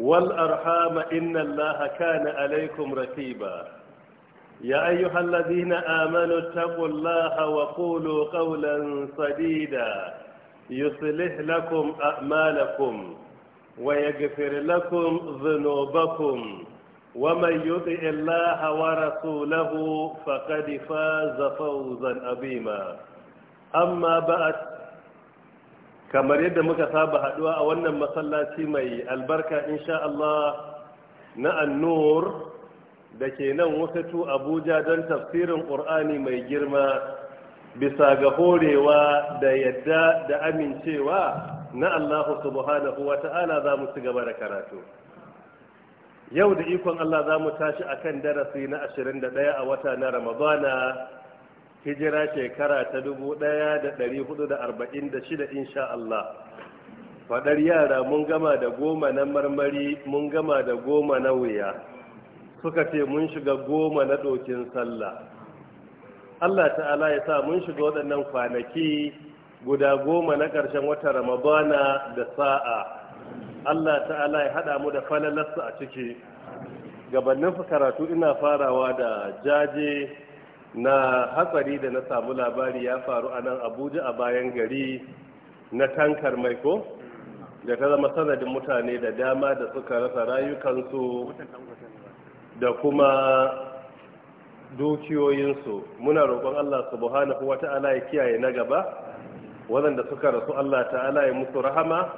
والأرحام إن الله كان عليكم رتيبا يا أيها الذين آمنوا اتقوا الله وقولوا قولا صديدا يصلح لكم أعمالكم ويغفر لكم ذنوبكم ومن يطع الله ورسوله فقد فاز فوزا عظيما أما بعد kamar yadda muka saba haduwa a wannan masallaci mai albarka insha Allah na annur da ke nan wasatu abuja don tafsirin ƙur'ani mai girma bisa ga horewa da yadda da amincewa na allahu subhanahu wa ta'ala za mu ci gaba da karatu yau da ikon allah za mu tashi akan darasi na 21 a wata na ramadana hijira shekara ta dubu ɗaya da da da ɗari arba'in shida, insha Allah Faɗar yara mun gama da goma na marmari mun gama da goma na wuya suka ce mun shiga goma na ɗokin sallah Allah ta'ala ya sa mun shiga waɗannan kwanaki guda goma na ƙarshen wata ramadana da sa'a Allah ta'ala ya haɗa mu da falalarsa a ciki gabanin karatu ina farawa da jaje na hatsari da na samu labari ya faru a nan abuja a bayan gari na tankar mai ko da ta zama sanadin mutane da dama da suka rasa rayukansu da kuma dukiyoyinsu muna roƙon allah subhanahu wata'ala ya kiyaye na gaba waɗanda suka rasu allah ta'ala ya musu rahama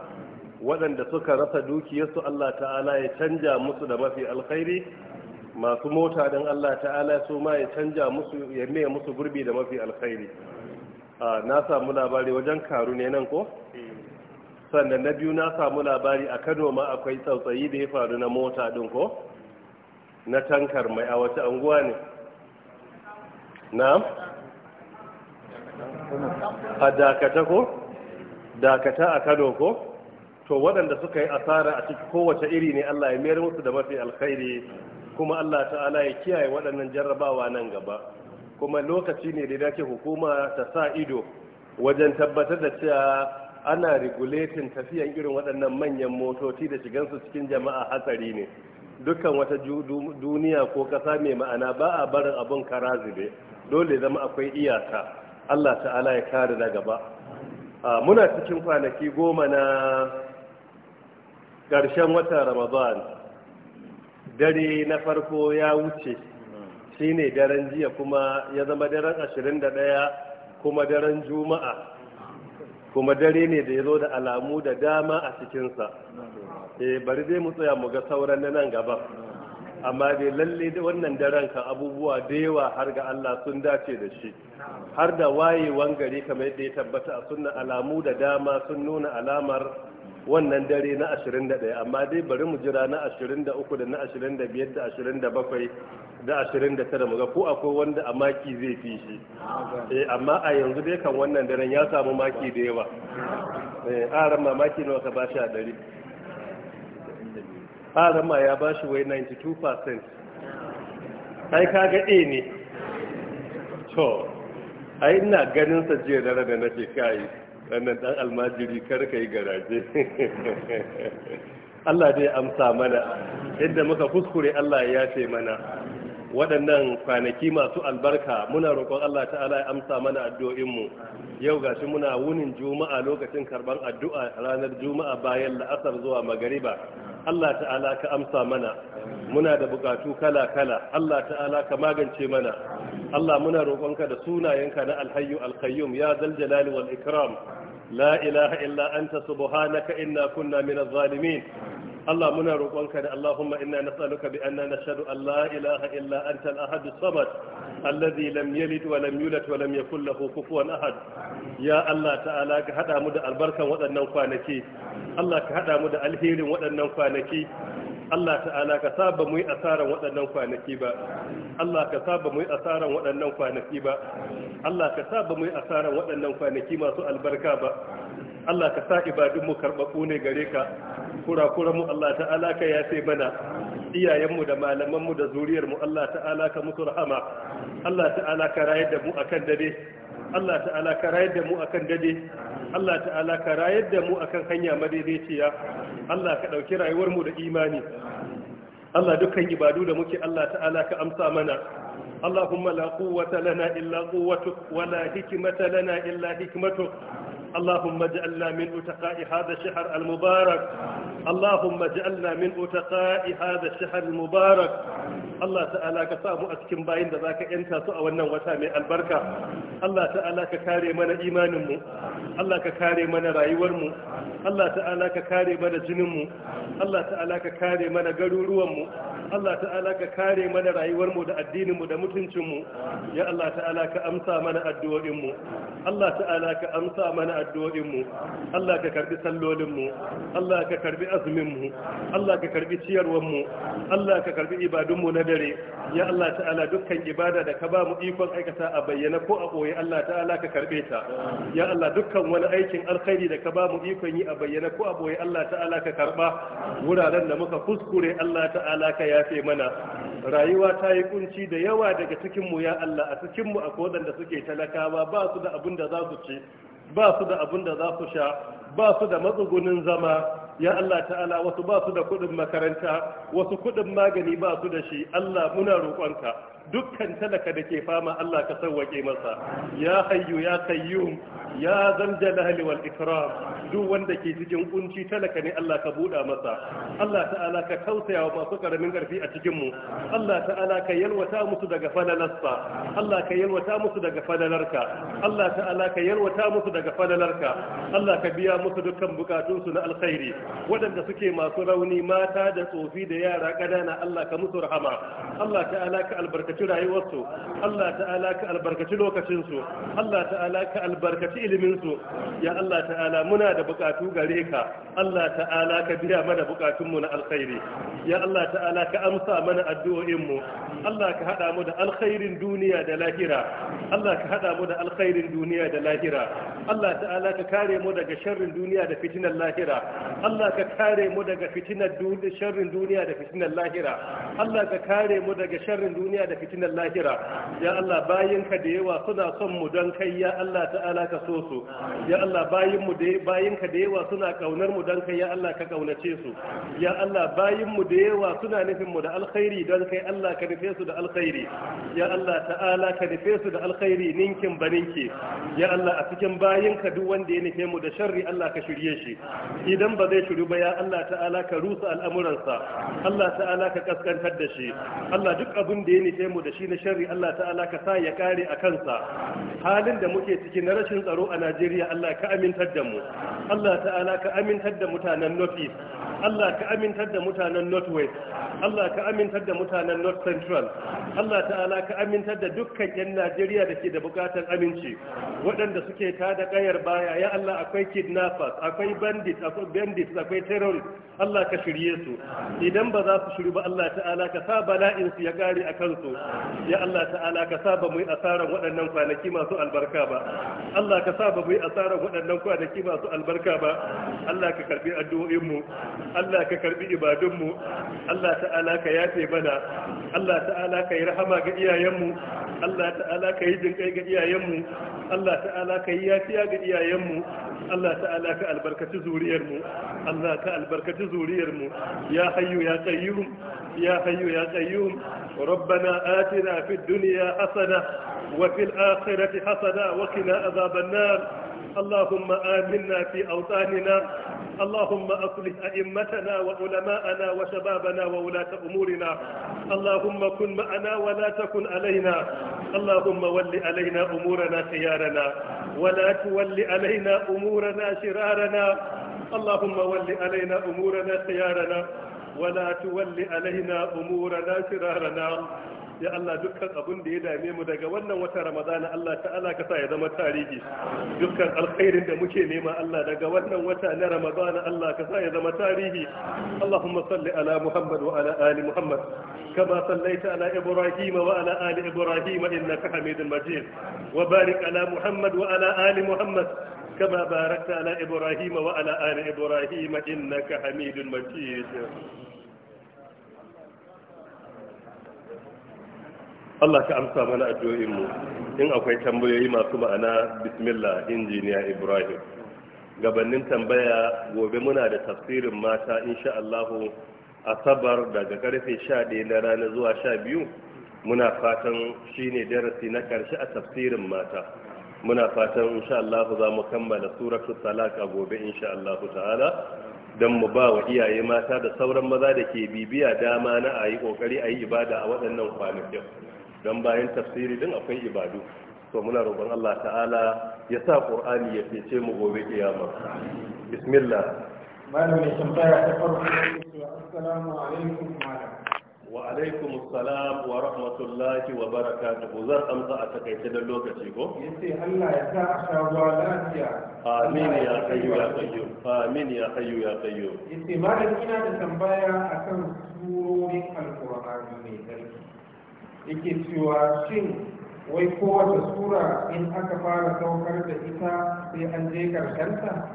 waɗanda suka rasa dukiyarsu allah ta'ala ya canja musu da mafi alkhairi masu mota don Allah ta'ala su ma ya canja musu ya mai musu gurbi da mafi alkhairi na samu labari wajen karu ne nan ko sannan na biyu na samu labari a Kano ma akwai tsautsayi da ya faru na mota din ko na tankar mai a wace anguwa ne Na? a dakata ko dakata a Kano ko to waɗanda suka yi asara a cikin kowace iri ne Allah ya mayar musu da mafi alkhairi kuma Allah ta'ala ya kiyaye waɗannan jarrabawa nan gaba kuma lokaci ne da yake hukuma ta sa ido wajen tabbatar da cewa ana regulating tafiyan irin waɗannan manyan motoci da shigansu cikin jama'a hatsari ne dukkan wata duniya ko ƙasa mai ma'ana ba a barin abun karazibe dole zama akwai iyaka Allah ta'ala ya kare na gaba muna cikin kwanaki goma na ƙarshen watan ramadan dare na farko ya wuce shine daren jiya kuma ya zama daren ashirin da ɗaya kuma daren juma'a kuma dare ne da ya zo da alamu da dama a cikinsa e bari zai mu tsaya mu ga sauran nan gaba amma dai lalle wannan daren ka abubuwa da yawa har ga Allah sun dace da shi har da wayewan gari kamar yadda ya tabbata a sunna alamu da dama sun nuna alamar wannan dare na 21 amma dai bari mu jira na 23 da na 25 da 27 da 29 mu ga ko akwai wanda a maki zai fi shi eh amma a yanzu dai kan wannan daren ya samu maki da yawa eh aran mamaki nawa ka bashi a 100 aran ma ya bashi wai 92% ai kaga A ne to ai ina ganin sa jiya da na nake kai wannan ɗan almajiri kar ka yi garaje Allah dai amsa mana yadda muka kuskure Allah ya ce mana waɗannan kwanaki masu albarka muna roƙon Allah ta'ala ya amsa mana addu'o'inmu yau gashi muna wunin juma'a lokacin karban addu'a ranar juma'a bayan la'asar zuwa magariba Allah ta'ala ka amsa mana muna da bukatu kala-kala Allah ta'ala ka magance mana Allah muna ka da sunayenka na alhayyu alkayyum ya zal jalali wal ikram la ilaha illa anta subhanaka inna kunna minaz zalimin Allah muna roƙonka da Allahumma inna nas'aluka bi anna nashhadu an la ilaha illa anta al-ahad as-samad alladhi lam yalid wa lam yulad wa lam yakul lahu kufuwan ahad ya Allah ta'ala ka hada mu da albarkan waɗannan kwanaki Allah ka hada mu da alherin waɗannan kwanaki Allah ta'ala ka saba mu yi asaran waɗannan kwanaki ba Allah ka saba mu yi asaran waɗannan kwanaki ba Allah ka saba mu yi asaran waɗannan kwanaki masu albarka ba Allah ka sa ibadun mu karɓaɓu ne gare ka kurakuran mu Allah ta'ala ka yafe mana iyayenmu da malamanmu da zuriyarmu Allah ta'ala ka musu rahama Allah ta'ala ka rayar da mu akan dade Allah ta'ala ka rayar da mu akan dade Allah ta'ala ka rayar da mu akan hanya madaidaiciya Allah ka dauki rayuwarmu da imani Allah dukkan ibadu da muke Allah ta'ala ka amsa mana Allahumma اللهم لا قوة لنا إلا قوتك ولا حكمة لنا إلا حكمتك اللهم اجعلنا من اتقاء هذا الشهر المبارك اللهم اجعلنا من اتقاء هذا الشهر المبارك الله تعالى كسامو اسكن باين da zaka yanta su a wannan wata mai albarka Allah ta'ala ka kare mana imanin mu Allah kare mana rayuwar mu Allah kare mana jinin mu Allah ta'ala ka kare mana rayuwarmu da addinin da mutuncin ya Allah ta'ala ka amsa mana addu'o'inmu. mu Allah ta'ala ka amsa mana addu'o'inmu Allah ka karbi sallolinmu Allah ka karbi azuminmu Allah ka karbi ciyarwarmu, Allah ka karbi ibadunmu na dare ya Allah ta'ala dukkan ibada da ka ba mu ikon aikata a bayyana ko a ɓoye Allah ta'ala ka karbe ta ya Allah dukkan wani aikin alkhairi da ka ba mu ikon yi a bayyana ko a ɓoye Allah ta'ala ka karba wuraren da muka kuskure Allah ta'ala ka yafe mana rayuwa ta yi kunci da yawa daga cikinmu ya Allah a cikinmu akwai waɗanda suke talakawa ba su da abin da za su ce. ba su da abin da za su sha ba su da matsugunin zama ya Allah ta'ala wasu ba su da kuɗin makaranta wasu kuɗin magani ba su da shi Allah muna roƙonka dukkan talaka da ke fama Allah ka sauwake masa ya hayyu ya qayyum ya zamjalal wal ikram duk wanda ke cikin kunci talaka ne Allah ka buɗa masa Allah ta'ala ka tausaya wa masu karamin karfi a cikin mu Allah ta'ala ka yalwata musu daga falalarsa Allah ka yalwata musu daga falalarka Allah ta'ala ka yalwata musu daga falalarka Allah ka biya musu dukkan bukatunsu na alkhairi waɗanda suke masu rauni mata da tsofi da yara ƙanana Allah ka musu rahama Allah ta'ala ka albarkaci albarkaci rayuwarsu Allah ta'ala ka albarkaci lokacinsu Allah ta'ala ka albarkaci iliminsu ya Allah ta'ala muna da bukatu gare ka Allah ta'ala ka biya mana bukatunmu na alkhairi ya Allah ta'ala ka amsa mana addu'o'inmu Allah ka hada mu da alkhairin duniya da lahira Allah ka hada mu da alkhairin duniya da lahira Allah ta'ala ka kare mu daga sharrin duniya da fitinar lahira Allah ka kare mu daga fitinar sharrin duniya da fitinar lahira Allah ka kare mu daga sharrin duniya da fitinar fitinar lahira ya Allah bayinka da yawa suna son mu don kai ya Allah ta'ala ka so su ya Allah bayin da bayinka da yawa suna kaunar mu don kai ya Allah ka kaunace su ya Allah bayin da yawa suna nufin mu da alkhairi don kai Allah ka nufe su da alkhairi ya Allah ta'ala ka nufe su da alkhairi ninkin baninki ya Allah a cikin bayinka duk wanda ya nufe mu da sharri Allah ka shirye shi idan ba zai shiru ba ya Allah ta'ala ka rusa al'amuransa Allah ta'ala ka kaskantar da shi Allah duk abin da ya nufe mu da shi na sharri Allah ta'ala ka sa ya kare a kansa halin da muke ciki na rashin tsaro a Najeriya Allah ka amintar da mu Allah ta'ala ka amintar da mutanen North East Allah ka amintar da mutanen North West Allah ka amintar da mutanen North Central Allah ta'ala ka amintar da dukkan 'yan Najeriya da ke da bukatar aminci waɗanda suke tada ƙayar baya ya Allah akwai kidnappers akwai bandits akwai bandits akwai terrorists Allah ka shirye su idan ba za su shiru ba Allah ta'ala ka sa bala'in su ya kare a kansu ya Allah ta'ala ka saba mu asarar asaran waɗannan kwanaki masu albarka ba Allah ka saba mu asarar asaran waɗannan kwanaki masu albarka ba Allah ka karbi addu'o'in mu Allah ka karbi ibadun mu Allah ta'ala ka yafe bana Allah ta'ala ka yi rahama ga iyayen mu Allah ta'ala ka yi jinkai ga iyayen mu Allah ta'ala ka yi yafiya ga iyayen mu Allah ta'ala ka albarkaci zuriyar mu Allah ka albarkaci zuriyar mu ya hayyu ya qayyum ya hayyu ya qayyum ربنا آتنا في الدنيا حسنة وفي الآخرة حسنة وقنا عذاب النار اللهم آمنا في أوطاننا اللهم أصلح أئمتنا وعلماءنا وشبابنا وولاة أمورنا اللهم كن معنا ولا تكن علينا اللهم ول علينا أمورنا خيارنا ولا تول علينا أمورنا شرارنا اللهم ول علينا أمورنا خيارنا wala tuwalli alaina umura umurana shirarana ya Allah dukkan abun da ya dame mu daga wannan wata Ramadana Allah ta'ala ka sa ya zama tarihi dukkan alkhairin da muke nema Allah daga wannan wata na Ramadana Allah ka sa ya zama tarihi Allahumma salli ala Muhammad wa ala ali Muhammad kama sallaita ala Ibrahim wa ala ali Ibrahim innaka Hamidul Majid wa barik ala Muhammad wa ala ali Muhammad كما باركت على إبراهيم وعلى آل إبراهيم إنك حميد مجيد Allah ka amsa mana addu'o'inmu in akwai tambayoyi masu ma'ana bismillah injiniya Ibrahim gabanin tambaya gobe muna da tafsirin mata insha Allahu asabar daga karfe 11 na rana zuwa 12 muna fatan shine darasi na karshe a tafsirin mata muna fatan insha Allah za mu kammala suratul talaq gobe insha Allah ta'ala dan mu ba wa iyaye mata da sauran maza da ke bibiya dama na ayi kokari ayi ibada a waɗannan kwanakin dan bayan tafsiri din akwai ibadu to muna roƙon Allah ta'ala ya sa Qur'ani ya fice mu gobe kiyama bismillah malamin tambaya ta farko assalamu alaikum malam wa alaikum salam wa rahmatullahi wa barakatuhu zan amsa a takaice da lokaci ko yace Allah ya sa a shagwa lafiya amin ya hayyu ya qayyum amin ya hayyu ya qayyum yace malam ina da tambaya akan surorin alqur'ani mai tsarki yake cewa shin wai kowace sura in aka fara saukar da ita sai an je karshenta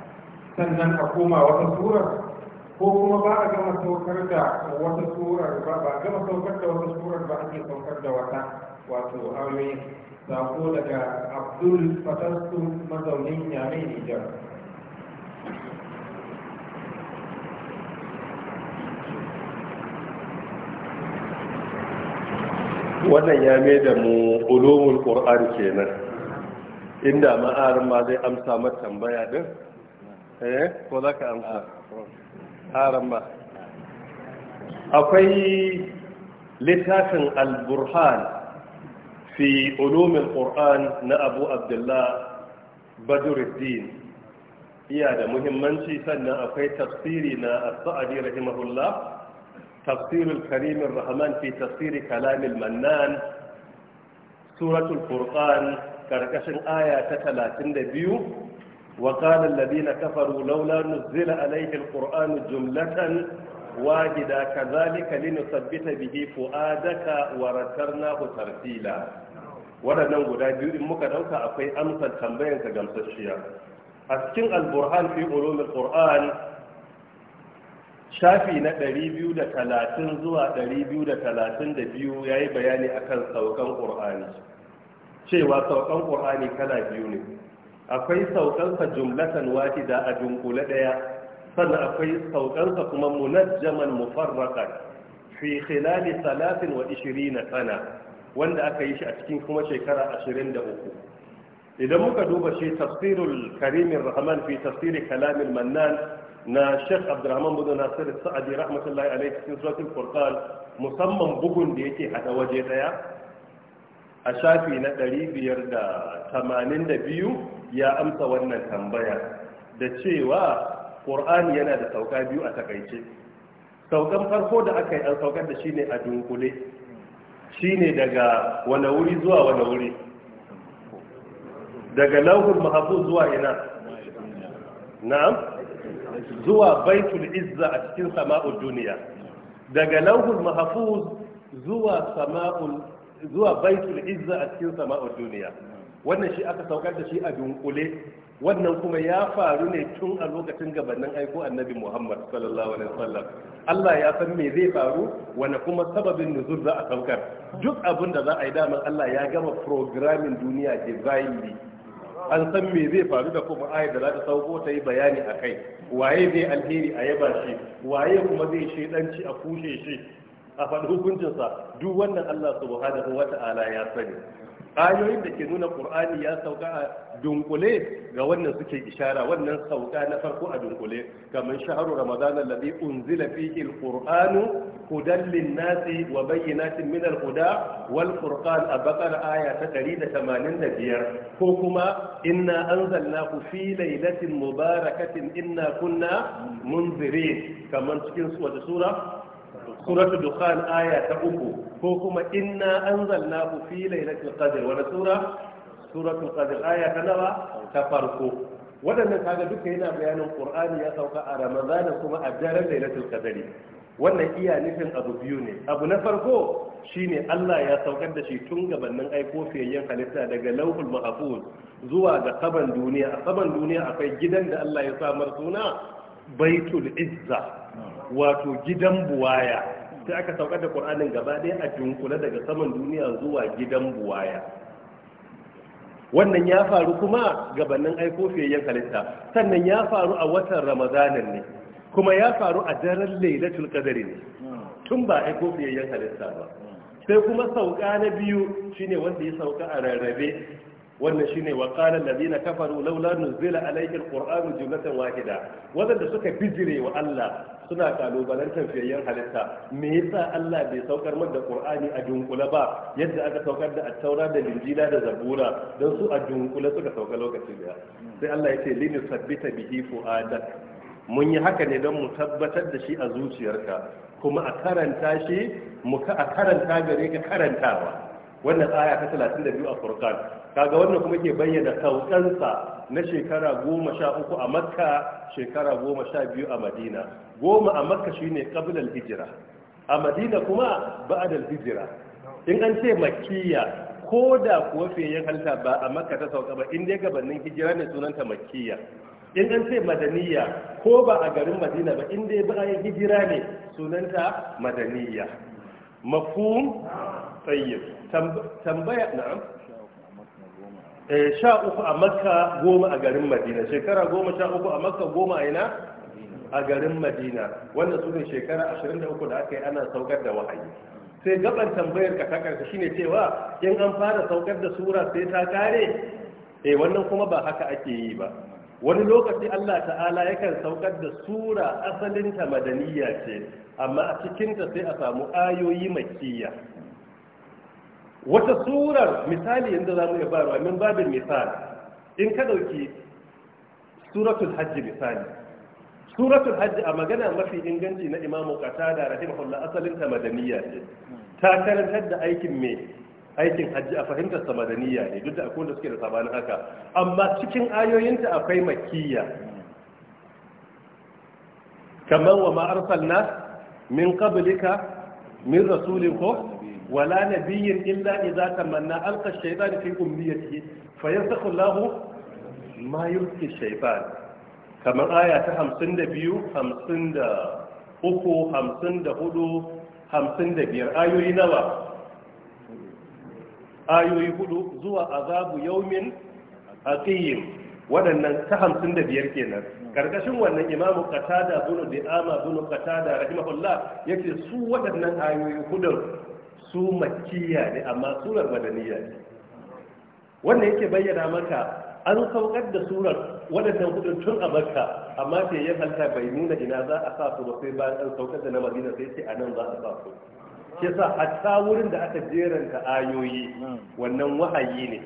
sannan a koma wata surar ko kuma ba a gama saukar da wata surar ba ba gama saukar da wata surar ba ake saukar da wata wato aure ko daga abdul fatastu mazaunin yamai nijar wannan ya mai da mu ulumul qur'an kenan inda ma'arin ma zai amsa mata tambaya din eh ko zaka amsa ah, ba akwai littafin al-burhan fi ulumin Kur'an na abu abdullah badruddin iya da muhimmanci sannan akwai tafsiri na as-sa'di rahimahullah Rahman fi tafsiri في تفسير كلام المنان سورة القرآن talatin da 32 وقال الذين كفروا لولا نزل عليه القرآن جملة واحدة كذلك لنثبت به فؤادك naku ترتيلا waɗannan guda biyu in muka ɗauka akwai amsar tambayan ka gamsasshiya a cikin alburhan fi ulumul qur'an shafi na 230 zuwa 232 yayi bayani akan saukan qur'ani cewa saukan qur'ani kala biyu ne akwai saukansa jumlatan wahida a dunkule daya sannan akwai saukansa kuma munajjaman mufarraqan fi khilali 23 sana wanda aka yi shi a cikin kuma shekara uku. idan muka duba shi tafsirul karimin rahman fi tafsiri kalamin mannan na Sheikh Abdurrahman bin Nasir Sa'adi rahmatullahi alayhi cikin suratul Furqan musamman bugun da yake hada waje daya a shafi na 582 ya amsa wannan tambaya da cewa ƙur'ani yana da sauka biyu a takaice saukan farko da aka yi an saukar da shi ne a dunkule shi ne daga wane wuri zuwa wane wuri daga lauhul mahabu zuwa ina na'am zuwa baitul izza a cikin sama'ul duniya daga lauhul mahafuz zuwa sama'ul zuwa baitul izza a cikin sama'ul duniya wannan shi aka saukar da shi a dunkule wannan kuma ya faru ne tun a lokacin gabanin aiko annabi Muhammad sallallahu alaihi wasallam Allah ya san me zai faru wani kuma sababin nuzul za a saukar duk abin da za a yi damar Allah ya gama programming duniya divinely an san me zai faru da kuma ayar da za ta sauko ta yi bayani a kai waye zai alheri a yaba shi waye kuma zai shedanci a kushe shi a faɗi hukuncinsa duk wannan Allah subhanahu wata'ala ya sani ayoyin da ke nuna qur'ani ya sauka a dunkule ga wannan suke ishara wannan sauka na farko a dunkule kamar shahru ramadan alladhi unzila fihi alqur'anu hudan linnasi wa bayyinatin min alhuda wal furqan a baqara aya ta 185 ko kuma inna anzalnahu fi lailatin mubarakatin inna kunna munzirin kamar cikin wata sura suratu dukhan aya ta uku ko kuma inna anzalnahu fi lailatul qadr wa sura suratul qadr aya ta nawa ta farko waɗannan kaga duka yana bayanin qur'ani ya sauka a ramadana kuma a daren lailatul qadri wannan iya nufin abu biyu ne abu na farko shine Allah ya saukar da shi tun gabanin aiko fiyayyen halitta daga lauhul mahfuz zuwa ga kaban duniya a kaban duniya akwai gidan da Allah ya samar suna baitul izza wato gidan buwaya sai aka saukar da qur'anin gaba ɗaya a jinkula daga saman duniya zuwa gidan buwaya wannan ya faru kuma gabanin aiko fiye halitta sannan ya faru a watan ramadanin ne kuma ya faru a daren lailatul qadari ne tun ba aiko fiye halitta ba sai kuma sauka na biyu shine wanda ya sauka a rarrabe wannan shine wa qala allazina kafaru laula nuzila alayhi alqur'anu jumlatan wahida wadanda suka bijire wa Allah suna kalubalantar fiyayyen halitta me yasa Allah bai saukar mada qur'ani a dunkula ba yadda aka saukar da at-taura da linjila da zabura dan su a dunkula suka sauka lokaci daya sai Allah ya ce lin sabbita bihi fuadak mun yi haka ne don mu tabbatar da shi a zuciyarka kuma a karanta shi mu a karanta gare ka karantawa wannan aya ta 32 a furqan kaga wannan kuma ke bayyana saukansa na shekara 13 a makka shekara 12 a madina goma a makka shine qabla al-hijra a madina kuma ba'da al-hijra in an ce makkiya ko da kuwa fiyayyen halitta ba a makka ta sauka ba in dai gabanin hijira ne sunanta makkiya in an ce madaniya ko ba a garin madina ba in dai bayan hijira ne sunanta madaniya mafhum tayyib tambaya na'am eh, sha uku a makka goma a garin madina shekara goma sha uku a makka goma a ina a garin madina su ne shekara da aka yi ana saukar da wahayi sai gaban tambayar ka ta shine cewa in an fara saukar da sura sai ta kare eh wannan kuma ba haka ake yi ba wani lokaci Allah ta'ala yakan saukar da sura asalin ta madaniya ce amma a cikinta sai a samu ayoyi makiyya wata surar misali yadda za mu iya a min babin misali in ka ɗauki suratul hajji misali suratul hajji a magana mafi inganci na imamu da rahimahullah asalin asalinta madaniya ce ta karantar da aikin me aikin hajji a fahimtar sa madaniya ne duk da akwai da suke da sabanin haka amma cikin ayoyinta akwai makkiya kamar wa ma arsalna min qablika min rasulin ko wala nabiyyin illa idza tamanna alqa ash-shaytan fi umniyatihi fayansakhu Allahu ma yulqi ash-shaytan kamar aya ta 52 53 54 55 ayoyi nawa ayoyi hudu zuwa azabu yaumin aqim waɗannan ta biyar kenan karkashin wannan imamu qatada bunu di'ama bunu qatada rahimahullah yace su waɗannan ayoyi hudun su makiya ne amma surar madaniya ne wannan yake bayyana maka an saukar da surar waɗannan hudun tun a makka amma sai ya halta bai nuna ina za a sa su ba sai bayan an saukar da na madina sai ce a nan za a sa su ke sa hatta wurin da aka jeranta ayoyi wannan wahayi ne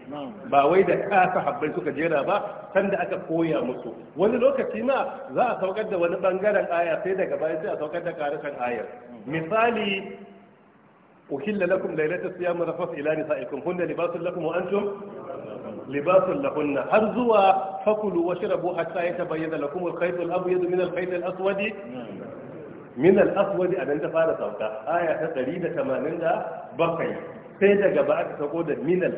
ba wai da kasa habbai suka jera ba sanda aka koya musu wani lokaci ma za a saukar da wani bangaren aya sai daga baya sai a saukar da karukan ayar misali uhilla lakum lailatul siyam rafas ila nisaikum hunna libasul lakum wa antum libasul lahunna har zuwa fakulu washrabu hatta yatabayyana lakum al-khayt al-abyad min al-khayt al-aswad min al-aswad ta fara sauka aya ta 187 sai daga ba aka sako da min al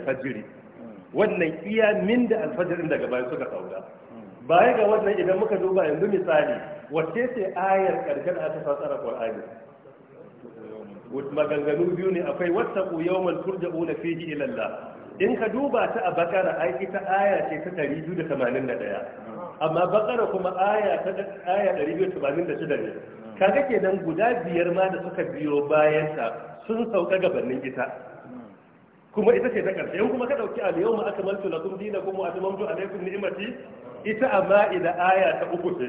wannan iya da alfajirin daga bayan suka sauka baya ga wannan idan muka duba yanzu misali wacce ayar karshen aka fasara maganganu biyu ne akwai wattaqu yawman turja'una fi ila ilalla in ka duba ta a bakara ai ita aya ce ta 281 amma bakara kuma aya ta aya 286 ne kaga kenan guda biyar ma da suka biyo bayan ta sun sauka gabanin ita kuma ita ce ta karshe in kuma ka dauki al-yawma akmaltu lakum dinakum wa atmamtu alaykum ni'mati ita amma ma'ida aya ta uku ce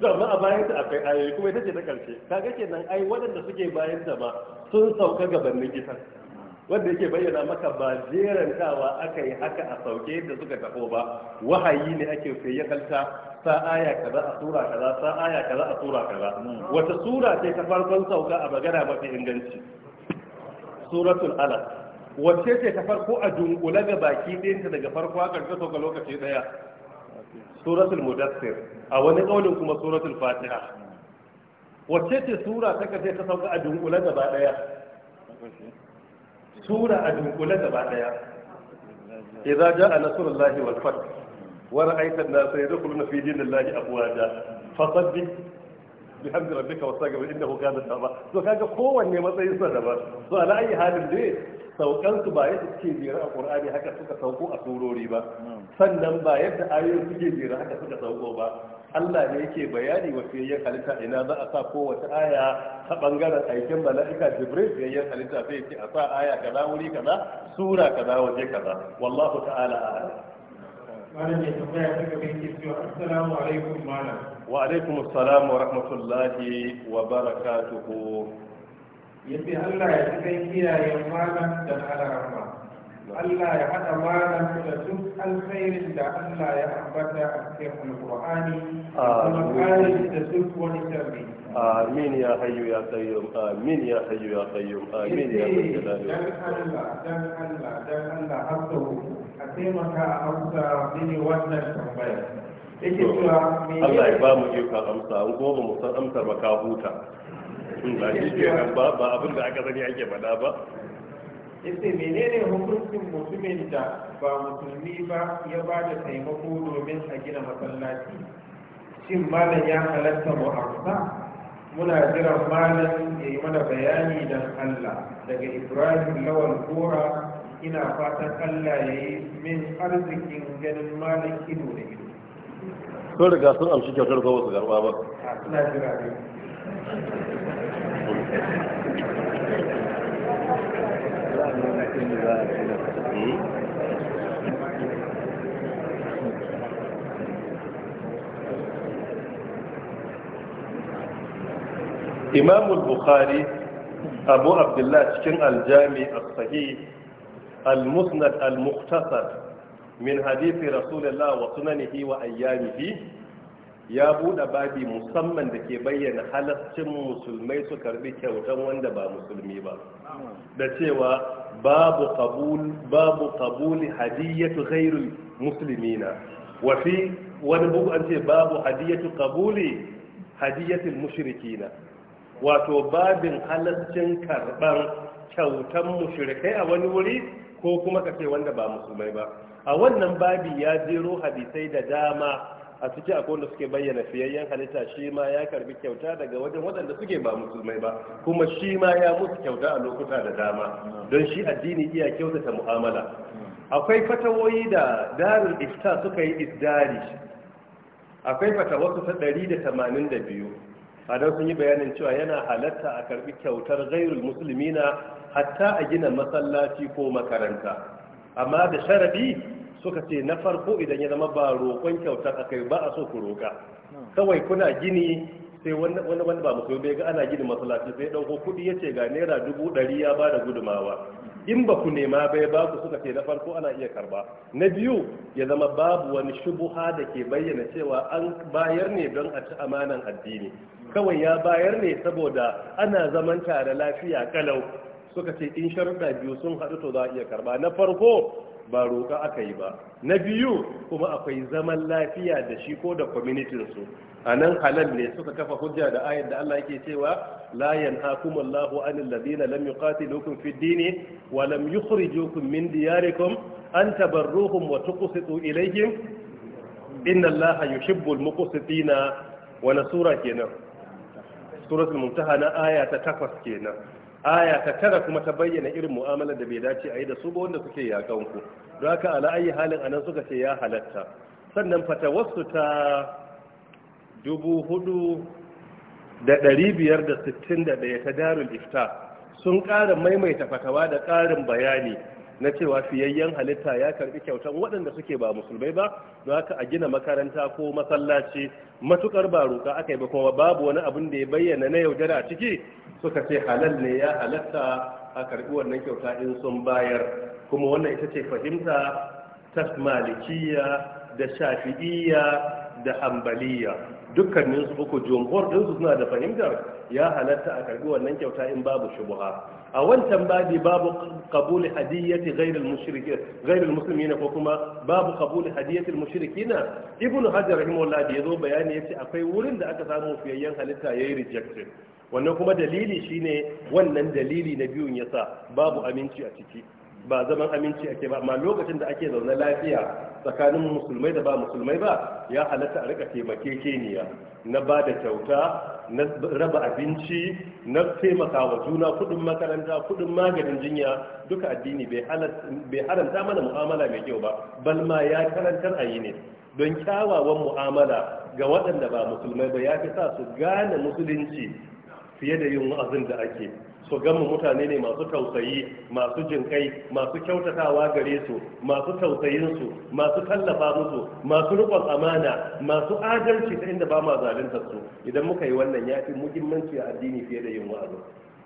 zama a bayan ta akwai ayoyi kuma ita ce ta karshe kaga kenan ai waɗanda suke bayan ta ba sun sauka gabanin kisan wanda yake bayyana maka ba jerantawa aka yi haka a sauke yadda suka tafo ba wahayi ne ake sai ya kalta sa aya kaza a sura kaza sa aya kaza a sura kaza wata sura ce ta farkon sauka a magana mafi inganci suratul alaq wacce ce ta farko a dunkule ga baki ɗayanta daga farko a ƙarshe sauka lokaci ɗaya suratul mudassir a wani kaulin kuma suratul fatiha wacce ce sura ta kace ta sauka a dunkule gaba daya sura a dunkule gaba daya idza jaa nasrullahi wal fath wa ra'aita an-nasa yadkhuluna fi dinillahi afwaja fasabbih bihamdi kaga kowanne matsayin sa daban ayi halin dai saukan su ba yadda suke jira a kur'ani haka suka sauko a surori ba sannan ba yadda ayoyi suke jira haka suka sauko ba Allah ne yake bayani wa fiyayyen halitta ina za a sa kowace aya ta bangaren aikin mala'ika Jibril fiyayyen halitta sai yake a sa aya kaza wuri kaza sura kaza waje kaza wallahu ta'ala a'lam. Malam ya tambaya ta gaba yake cewa assalamu alaikum malam وعليكم السلام ورحمة الله وبركاته يبي الله يسكن كيا يمانا دخل رحمة نعم. الله يحد أمانا كل جزء الخير إذا الله يحبك أكيح القرآن ومكان التسوك ونسمي آمين يا حي يا قيوم آمين يا حي يا قيوم آمين يا رب العالمين دم الله دم الله دم الله حبته أتيمك أوسى بني وزنك yake cewa me Allah ya ba mu iko amsa an kuma mu san amsa ba ka huta hmm, ba shi kenan ba ba abin da aka sani ake faɗa ba yace menene hukuncin mutumin da ba musulmi ba ya ba da taimako domin a gina masallaci shin malam ya halatta mu amsa muna jiran malam ya yi mana bayani don Allah daga Ibrahim Lawal Kora ina fatan Allah ya yi min arzikin ganin malam ido da ido كل قاصر أمشي كتر ذو صغار بابا إمام البخاري أبو عبد الله شكن الجامع الصحيح المسند المختصر min hadisi rasulullah wa sunanihi wa ayyamihi ya buɗe babi musamman da ke bayyana halascin musulmai su karbi kyautan wanda ba musulmi ba da cewa babu qabul babu qabuli hadiyatu ghairul muslimina wa fi wani bugu an ce babu hadiyatu qabuli hadiyatul mushrikina wato babin halascin karban kyautan mushrikai a wani wuri ko kuma kace wanda ba musulmai ba a wannan babi ya zero hadisai da dama a suke a wanda suke bayyana fiyayyen halitta shi ma ya karbi kyauta daga wajen waɗanda suke ba musulmai ba kuma shi ma ya musu kyauta a lokuta da dama don shi addini iya kyautata mu'amala akwai fatawoyi da darin ifta suka yi isdari akwai fatawarsu ta 182 a don sun yi bayanin cewa yana halatta a karbi kyautar gairul musulmina hatta a gina masallaci ko makaranta amma da sharadi suka ce na farko idan ya zama ba roƙon a kai ba a so ku roƙa kawai kuna gini sai wani wani ba musulmi bai ga ana gini masallaci sai ɗauko kuɗi ya ce ga naira dubu ɗari ya ba da gudumawa in ba ku nema bai ba ku suka ce na farko ana iya karba na biyu ya zama babu wani shubuha da ke bayyana cewa an bayar ne don a ci amanan addini kawai ya bayar ne saboda ana zaman tare lafiya kalau suka ce in sharuɗa biyu sun haɗu to za a iya karba na farko ba roƙa aka yi ba na biyu kuma akwai zaman lafiya da shi ko da kwaminitinsu a nan halal ne suka kafa hujja da ayar da Allah yake cewa la yanhaakum Allahu anil ladina lam yuqatilukum fid din wa lam yukhrijukum min diyarikum an tabarruhum wa tuqsitu ilayhim inna Allaha yuhibbul muqsitina wa nasura kenan suratul na aya ta takwas kenan aya ta tara kuma ta bayyana irin mu'amalar da bai dace a yi da su ba wanda suke yakan ku don haka ala ayi halin anan suka ce ya halatta sannan fatawarsu ta dubu hudu da ɗari biyar da sittin da ɗaya ta darul ifta sun ƙara maimaita fatawa da ƙarin bayani na cewa fiyayyen halitta ya karbi kyautan waɗanda suke ba musulmai ba don haka a gina makaranta ko masallaci matukar ba roƙa aka yi ba kuma babu wani abin da ya bayyana na yaudara a ciki suka ce halal ne ya halatta a karbi wannan kyauta in sun bayar kuma wannan ita ce fahimta ta malikiya da shafi'iyya da hambaliya dukkaninsu uku jumhur ɗinsu suna da fahimtar ya halatta a karbi wannan kyauta in babu shubuha a wancan babi babu qabul hadiyyati ghayr mushrikin muslimin ko kuma babu qabul hadiyyati al-mushrikin ibnu hajar rahimahullah da yazo bayani yace akwai wurin da aka samu fiyayyen halitta yayi rejected wannan kuma dalili shine wannan dalili na biyun yasa babu aminci a ciki ba zaman aminci ake ba amma lokacin da ake zaune lafiya tsakanin musulmai da ba musulmai ba ya halatta a rika taimake keniya na ba da kyauta na raba abinci na taimaka wa juna kudin makaranta kudin maganin jinya duka addini bai haramta mana mu'amala mai kyau ba bal ma ya karantar a yi ne don kyawawan mu'amala ga waɗanda ba musulmai ba ya fi sa su gane musulunci fiye da yin wa'azin da ake su gama mutane ne masu tausayi masu jinkai masu kyautatawa gare su masu tausayinsu masu tallafa musu masu rikon amana masu adalci ta inda ba ma zaluntar su idan muka yi wannan ya fi muhimmanci a addini fiye da yin wa'azi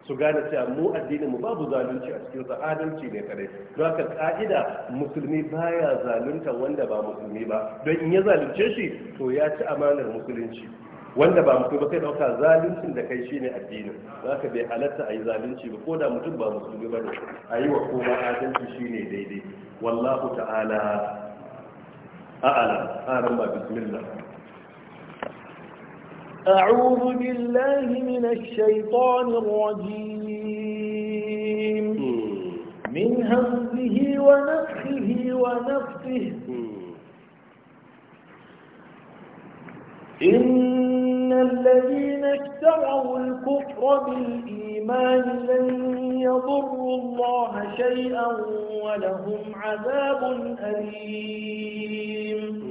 su gane cewa mu addinin mu babu zalunci a cikin adalci ne kadai don haka ka'ida musulmi baya zalunta wanda ba musulmi ba don in ya zalunce shi to ya ci amanar musulunci wanda ba mutum ba kai dauka zaluncin da kai shine addinin za ka bai halatta a yi zalunci ba ko da mutum ba musulmi ba ne a yi wa kowa adalci shine daidai wallahu ta'ala a'ala a'ran ba bismillah أعوذ بالله من الشيطان الرجيم من همزه ونفخه ونفخه إن إن الذين اشتروا الكفر بالإيمان لن يضروا الله شيئا ولهم عذاب أليم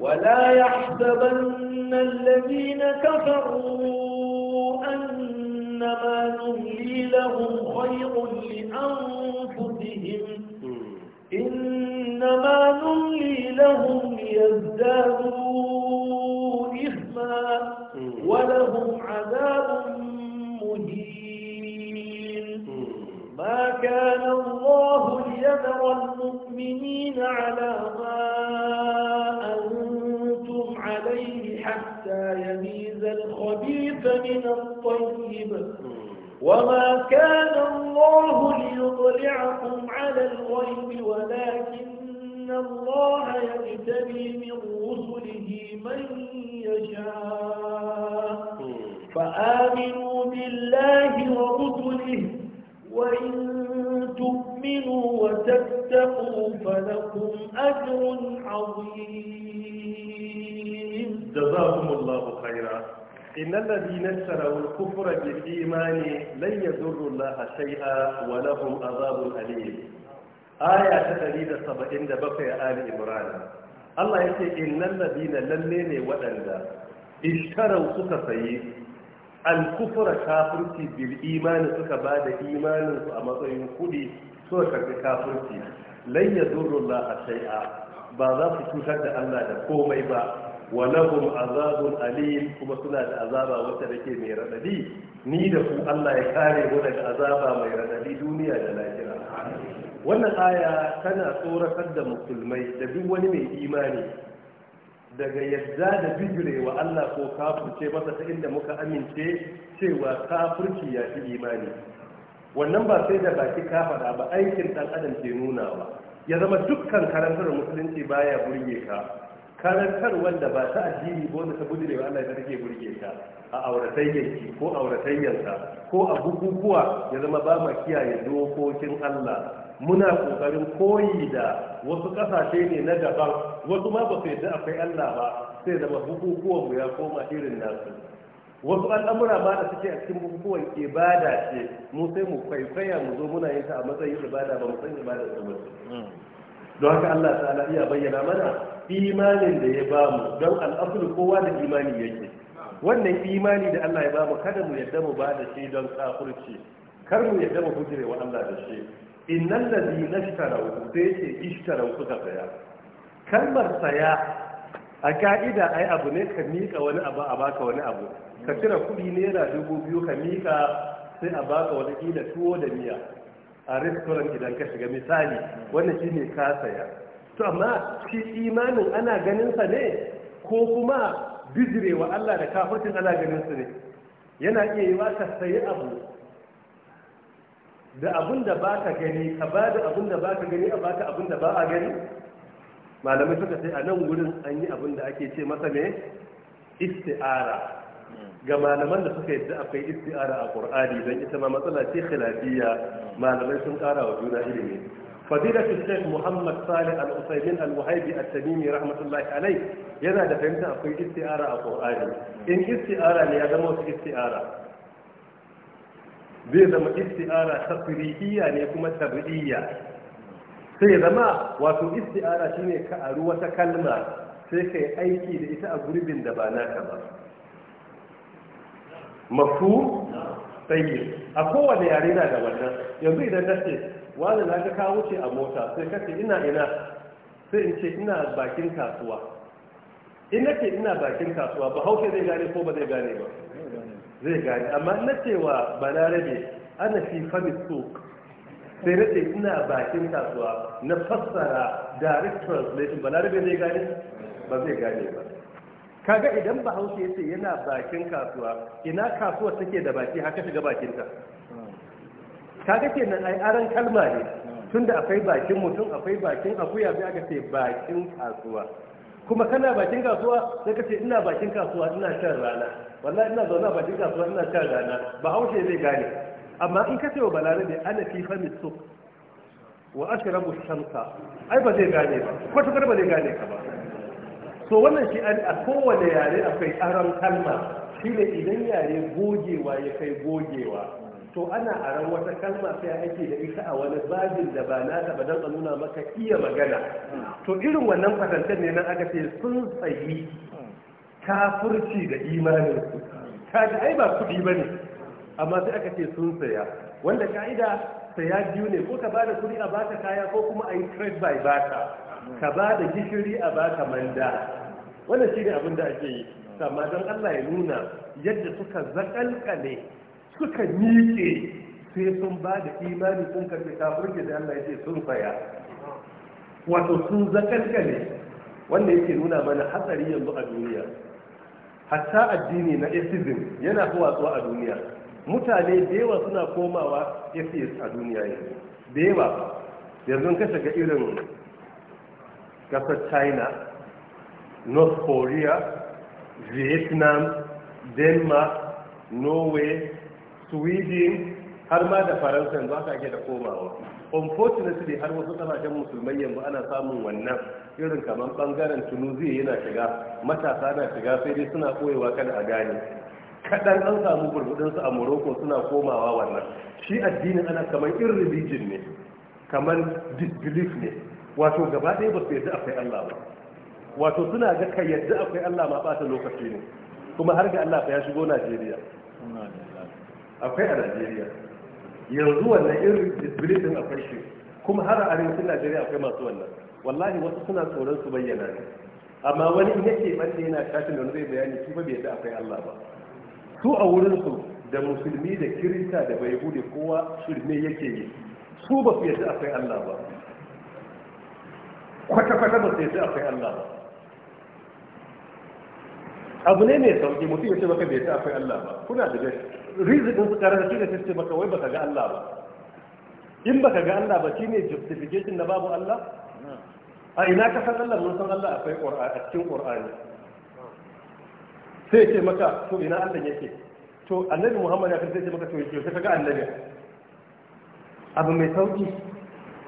ولا يحسبن الذين كفروا أنما نملي لهم خير لأنفسهم إنما نملي لهم ليزدادوا ترى المؤمنين على ما أنتم عليه حتى يميز الخبيث من الطيب وما كان الله ليطلعكم على الغيب ولكن الله يجتبي من رسله من يشاء فآمنوا بالله ورسله وإن تؤمنوا وتتقوا فلكم أجر عظيم جزاكم الله خيرا إن الذين اشتروا الكفر بالإيمان لن يضروا الله شيئا ولهم عذاب أليم آية تدريد سبعين بقي آل إمران الله يقول إن الذين للين وأندا اشتروا سكسيين alkufura kafirci bil imani suka ba da imaninsu a matsayin kudi suka karbi kafurci, lan yadurru a shai'a ba za su cutar da Allah da komai ba wa azabun alim kuma suna da azaba wacce take mai raɗaɗi? ni da ku Allah ya kare mu daga azaba mai raɗaɗi duniya da lahira wannan aya tana tsoratar da musulmai da duk wani mai imani daga yadda da wa Allah ko kafirce masa ta inda muka amince cewa kafurci ya fi imani wannan ba sai da baki ka fada ba aikin ɗan adam ke nuna ba. ya zama dukkan karantar musulunci baya burge ka karantar wanda ba ta addini ko wanda ta bujire wa Allah ya take burge ka a ki ko ka ko a bukukuwa ya zama ba ma kiyaye dokokin Allah muna kokarin koyi da wasu kasashe ne na daban wasu ma ba su yadda akwai Allah ba sai zama bukukuwan mu ya koma irin nasu wasu al'amura ma da suke a cikin bukukuwan ibada ce mu sai mu kwaikwaya mu zo muna yin ta a matsayin ibada ba mu san ibada da mutum don haka Allah ta'ala iya bayyana mana imanin da ya bamu don al'asulu kowa da imani yake wannan imani da Allah ya bamu kada mu yadda mu ba da shi don kafirci kar mu yadda mu hujire wa Allah da shi innal ladhi ishtaraw sai ce ishtaraw suka saya kalmar saya a ka'ida ai abu ne ka miƙa wani abu a baka wani abu ka cire kuɗi naira dubu biyu ka miƙa sai a baka wani kila tuwo da miya a restaurant idan ka shiga misali wannan ne ka saya to amma shi imanin ana ganin sa ne ko kuma bijirewa Allah da kafircin ana ganin sa ne yana iya yi ka sayi abu da abun da ba ka gani ka ba da abun da ba ka gani a baka abun da ba a gani malamai suka sai a nan gurin an yi abin da ake ce masa ne isti'ara ga malaman da suka yadda akwai isti'ara a qur'ani dan ita ma matsala ce khilafiyya malamai sun kara wa juna ilimi fadilatu shaykh muhammad salih al-usaymin al-wahibi at-tamimi rahmatullahi alayh yana da fahimta akwai isti'ara a qur'ani in isti'ara ne ya zama wasu isti'ara zai zama isti'ara tafrihiyya ne kuma tabi'iyya sai ya zama wato isti'ara shine ka aru wata kalma sai ka yi aiki da ita a gurbin da ba naka ba mafu tsaye a kowane yare na da wannan yanzu idan ka ce wani na ga kawo ce a mota sai ce ina ina sai in ce ina bakin kasuwa in ce ina bakin kasuwa ba hauke zai gane ko ba zai gane ba zai gane amma na cewa balarabe ana fi fami so. sai na ce ina bakin kasuwa na fassara direct translation ba larabe zai gane ba zai gane ba kaga idan bahaushe ya ce yana bakin kasuwa ina kasuwa take da baki haka shiga bakinta kaga nan ai aran kalma ne tunda akwai bakin mutum akwai bakin akuya bai aka ce bakin kasuwa kuma kana bakin kasuwa sai ka ce ina bakin kasuwa ina shan rana wallahi ina zaune bakin kasuwa ina shan rana bahaushe zai gane amma in ka sayo wa balarabe ana fi fami su wa ashrabu shanta ai ba zai gane ba kwata ba zai gane ka ba so wannan shi a kowane yare akwai aron kalma shi ne idan yare gogewa ya kai gogewa to ana aron wata kalma sai ake da ita a wani babin da ba na taba don a nuna maka iya magana to irin wannan fatantar ne nan aka ce sun tsayi kafurci da imanin su ai ba kuɗi ba ne amma sai aka ce sun saya wanda ka'ida saya biyu ne ko ka ba da kuɗi a baka kaya ko kuma a yi trade by baka ka ba da gishiri a baka manda wannan shine abin da ake yi amma don Allah ya nuna yadda suka zakalkale suka miƙe sai sun ba da imani sun karfi kafirci da Allah ya ce sun saya wato sun zakalkale wanda yake nuna mana hatsari yanzu a duniya hatta addini na atheism yana fi watsuwa a duniya mutane da yawa suna komawa atheist a duniya yanzu da yawa yanzu ka shiga irin kasar china north korea vietnam denmark norway sweden har ma da faransa yanzu aka ake da komawa unfortunately har wasu kasashen musulmai yanzu ana samun wannan irin kamar bangaren tunisia yana shiga matasa na shiga sai dai suna koyewa kada a gani. kaɗan an samu gurgudunsu a morocco suna komawa wannan shi addinin ana kamar in religion ne kamar disbelief ne wato gaba ɗaya ba su yadda akwai allah ba wato suna ga ka yadda akwai allah ma ɓata lokaci ne kuma har ga allah ya shigo najeriya akwai a najeriya yanzu wannan irin disbelief ɗin akwai shi kuma har a arewacin najeriya akwai masu wannan wallahi wasu suna tsoron su bayyana ne amma wani in yake ɓace yana da wani zai bayani shi ba bai yadda akwai allah ba su a wurinsu da musulmi da kirista da bai gudu kowa shirme yake yi su ba su yadda akwai Allah ba kwata-kwata ba su yadda akwai Allah ba abu ne mai sauki mutum ya ce maka bai ta akwai Allah ba kuna da gaske rizikin su karar shi da ce maka wai baka ga Allah ba in baka ga Allah ba shine justification na babu Allah a ina ka san Allah mun san Allah akwai Qur'ani a cikin Qur'ani sai ce maka to ina Allah yake to annabi Muhammad ya kace ce maka to yake kaga annabi abu mai sauki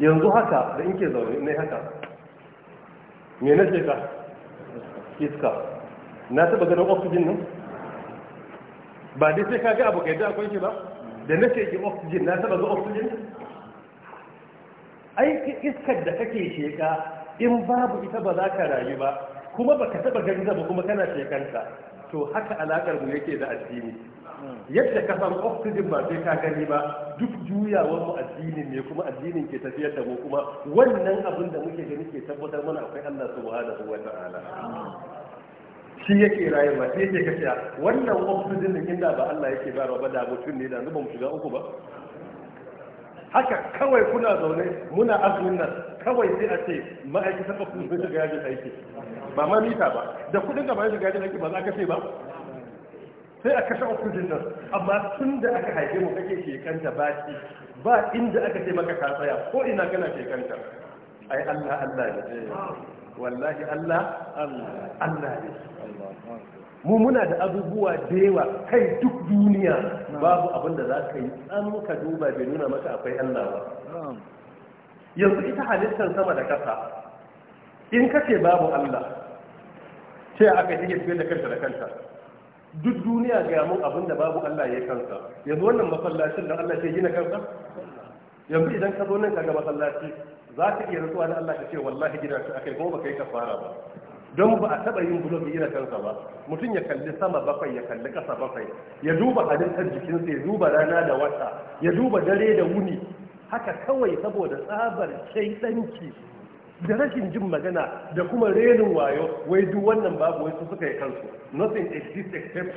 yanzu haka da in ke zaune ne haka me na ce ka iska na taba ganin oxygen ne ba dai sai kaga abu kai da akwai shi ba da na ce ki oxygen na taba ga oxygen ai iskar da kake sheka in babu ita ba za ka rayu ba kuma baka taba ganin ba kuma kana shekanta to haka alakar mu yake da addini yadda ka san oxygen ba sai ka gani ba duk juyawar mu addinin ne kuma addinin ke tafiyar da mu kuma wannan abin da muke gani ke tabbatar mana akwai Allah subhanahu wa ta'ala shi yake rayuwa sai yake kashiya wannan oxygen din inda ba Allah yake ba ba da mutum ne da zuba mu shiga uku ba haka kawai kuna zaune muna azumin nan kawai sai a ce ma'aikatan ofis sun shiga yajin aiki ba ma mita ba da kudin da ba ya shiga yajin aiki ba za ka ce ba sai a kashe ofis nan amma tun da aka haife mu kake shekanta baki ba inda aka ce maka ka tsaya ko ina kana shekanta ai Allah Allah ne wallahi Allah Allah ne mu muna da abubuwa da yawa kai duk duniya babu abin da za ka yi an ka duba bai nuna maka akwai Allah ba yanzu ita halittar sama da kasa in ka ce babu Allah ce aka yi tafiyar da kanta da kanta duk duniya ga mun abin da babu Allah ya kansa yanzu wannan masallacin da Allah ke gina kansa yanzu idan ka zo nan ka ga masallaci za ka iya rasuwa na Allah ka ce wallahi gina shi akai kuma ba ka yi kafara ba don ba a taɓa yin bulogi irin kansa ba mutum ya kalli sama bakwai ya kalli ƙasa bakwai ya duba halittar jikinsa ya duba rana da wata ya duba dare da wuni haka kawai saboda tsabar shaidanci da rashin jin magana da kuma renin wayo wai duk wannan babu wai su suka yi kansu nothing exists except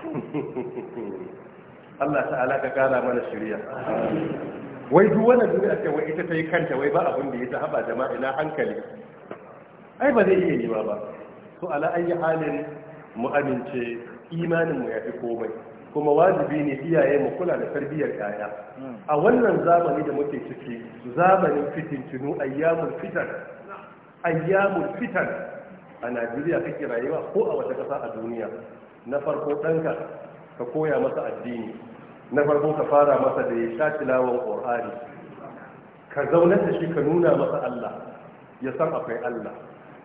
Allah ta'ala ka kara mana shirya wai duk wani duk da wai ita ta yi kanta wai ba abin da ya ta haɓa jama'a ina hankali ai ba zai iya yiwa ba to ala ayi halin mu amince imanin mu yafi komai kuma wajibi ne iyaye mu kula da tarbiyyar yaya a wannan zamani da muke ciki zamanin fitintinu ayyamul fitan ayyamul fitan a Najeriya kake rayuwa ko a wata ƙasa a duniya na farko ɗanka ka koya masa addini na farko ka fara masa da ya sha tilawar ƙor'ari. ka zaune da shi ka nuna masa Allah ya san akwai Allah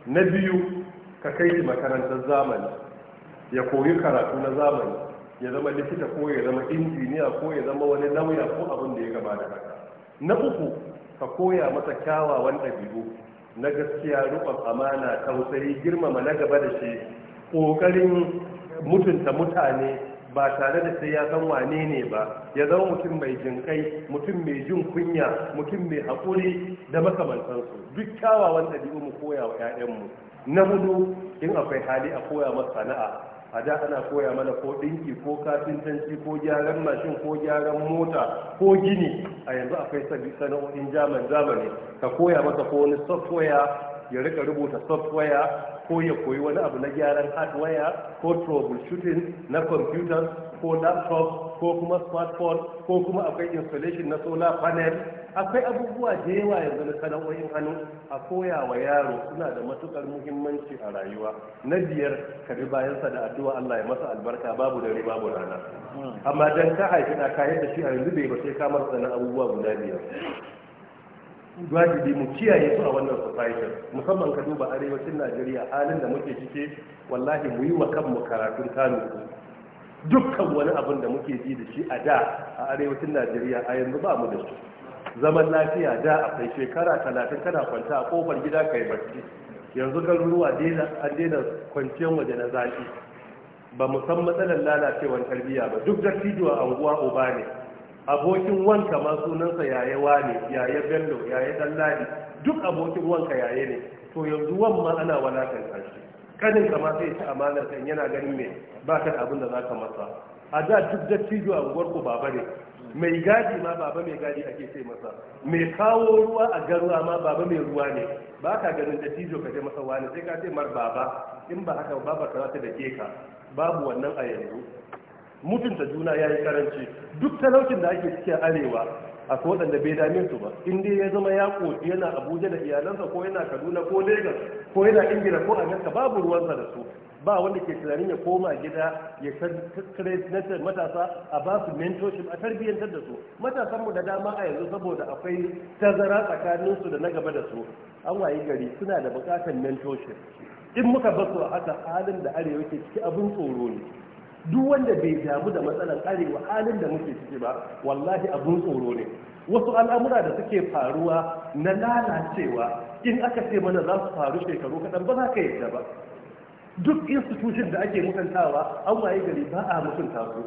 na biyu ka kai shi makarantar zamani ya koyi karatu na zamani ya zama likita ko ya zama injiniya ko ya zama wani lauya ko abin da ya gaba da haka na uku ka koya masa kyawawan ɗabi'u na gaskiya rukun amana tausayi girmama na gaba da shi ƙoƙarin mutunta mutane ba tare da sai ya san wane ne ba ya zama mutum mai jinkai mutum mai jin kunya mutum mai haƙuri da makamantansu duk kyawawan ɗabi'u mu koya wa 'ya'yanmu na hudu in akwai hali a koya masa sana'a a da ana koya mana ko ɗinki ko kafintanci ko gyaran mashin ko gyaran mota ko gini a yanzu akwai sabi sana'o'in zaman zamani ka koya masa ko wani software ya rika rubuta software ko ya koyi wani abu na gyaran hardware ko troubleshooting na komfuta ko laptop ko kuma smartphone ko kuma akwai installation na solar panel akwai abubuwa da yawa yanzu na sana'o'in hannu a koya wa yaro suna da matukar muhimmanci a rayuwa na biyar ka bi bayansa da addu'a Allah ya masa albarka babu dare babu rana amma dan ka haifi da kayan da shi a yanzu bai ba sai ka masa abubuwa guda biyar wajibi mu kiyaye su a wannan society musamman ka duba arewacin najeriya halin da muke cike wallahi mu yi wa kanmu karatun kanu dukkan wani abin da muke ji da shi a da a arewacin najeriya a yanzu ba mu da su zaman lafiya da akwai shekara talatin kana kwanta a kofar gida kai barci yanzu garuruwa an daina kwanciyar waje na zafi ba mu san matsalar lalacewar tarbiyya ba duk dattijuwa anguwa uba ne abokin wanka ma sunansa yaye wane yaye bello yaye dalladi duk abokin wanka yaye ne to yanzu wan ma ana walakanta shi kanin ka ma sai ci amanar kan yana ganin me ba ka abin da zaka masa a da duk da dattijo a unguwar ku baba ne mai gadi ma baba mai gadi ake sai masa mai kawo ruwa a garuwa ma baba mai ruwa ne ba ka ganin da dattijo ka je masa wani sai ka ce mar baba in ba haka baba ka za ta dake ka babu wannan a yanzu mutunta juna ya yi karanci duk talaucin da ake cikin arewa a waɗanda bai dame su ba in dai ya zama ya koci yana abuja da iyalansa ko yana kaduna ko lagos ko yana ingila ko amurka babu ruwansa da su ba wanda ke tunanin ya koma gida ya kare na matasa a ba su mentorship a tarbiyyantar da su matasan mu da dama a yanzu saboda akwai tazara tsakanin su da na gaba da su an wayi gari suna da bukatar mentorship in muka basu a haka halin da arewa ke ciki abin tsoro ne duk wanda bai damu da matsalar wa halin da muke ciki ba wallahi abun tsoro ne wasu al'amura da suke faruwa na lalacewa in aka ce mana za su faru shekaru kaɗan ba za ka yadda ba duk institution da ake mutuntawa an waye gari ba a mutunta su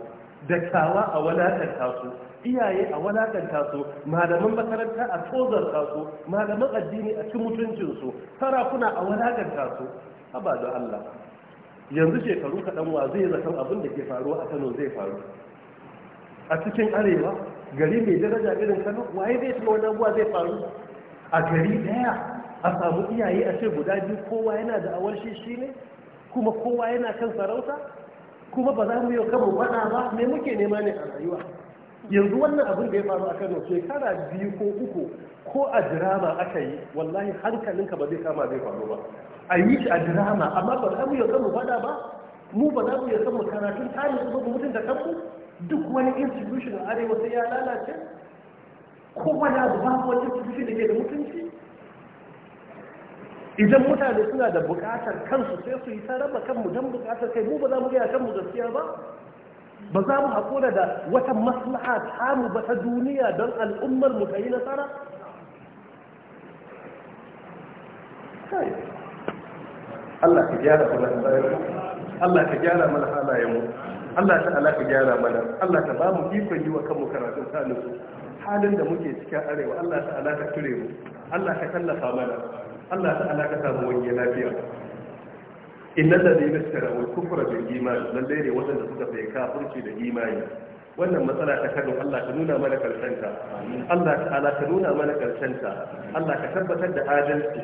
dattawa a walakanta su iyaye a walakanta su malaman makaranta a tozar su malaman addini a cin mutuncinsu sarakuna a walakanta su haba da Allah yanzu shekaru kaɗan wa zai zaton abin da ke faruwa a kano zai faru a cikin arewa gari mai daraja irin kano waye zai tuna wani abuwa zai faru a gari daya a samu iyaye a ce guda biyu kowa yana da awar shi shi ne kuma kowa yana kan sarauta kuma ba za mu yi kanmu faɗa ba me muke nema ne a rayuwa yanzu wannan abin da ya faru a kano shekara biyu ko uku ko a jirama aka yi wallahi ka ba zai kama zai faru ba a yi shi a dirama amma ba za mu ya mu fada ba mu ba za mu ya mu karatun tarihi ba mu mutunta kanku duk wani institution a arewa sai ya lalace ko wani abu ba wani institution da ke da mutunci idan mutane suna da bukatar kansu sai su yi ta raba kanmu don bukatar kai mu ba za mu gaya kanmu gaskiya ba ba za mu haƙura da wata maslaha tamu ba ta duniya don al'ummar mu ta yi nasara Allah ka gyara mana Allah ka gyara mana halayenmu Allah ta ala ka gyara mana Allah ta ba mu ikon yi wa kanmu karatun ta nutsu halin da muke cikin arewa Allah ta ala ka ture mu Allah ka tallafa mana Allah ta ala ka samu wani lafiya inna da ne suka rawo kufra bil imani lalle ne wadanda suka bai kafirci da imani wannan matsala ta kano Allah ka nuna mana karshenta Allah Ta ta'ala ka nuna mana karshenta Allah ka tabbatar da adalci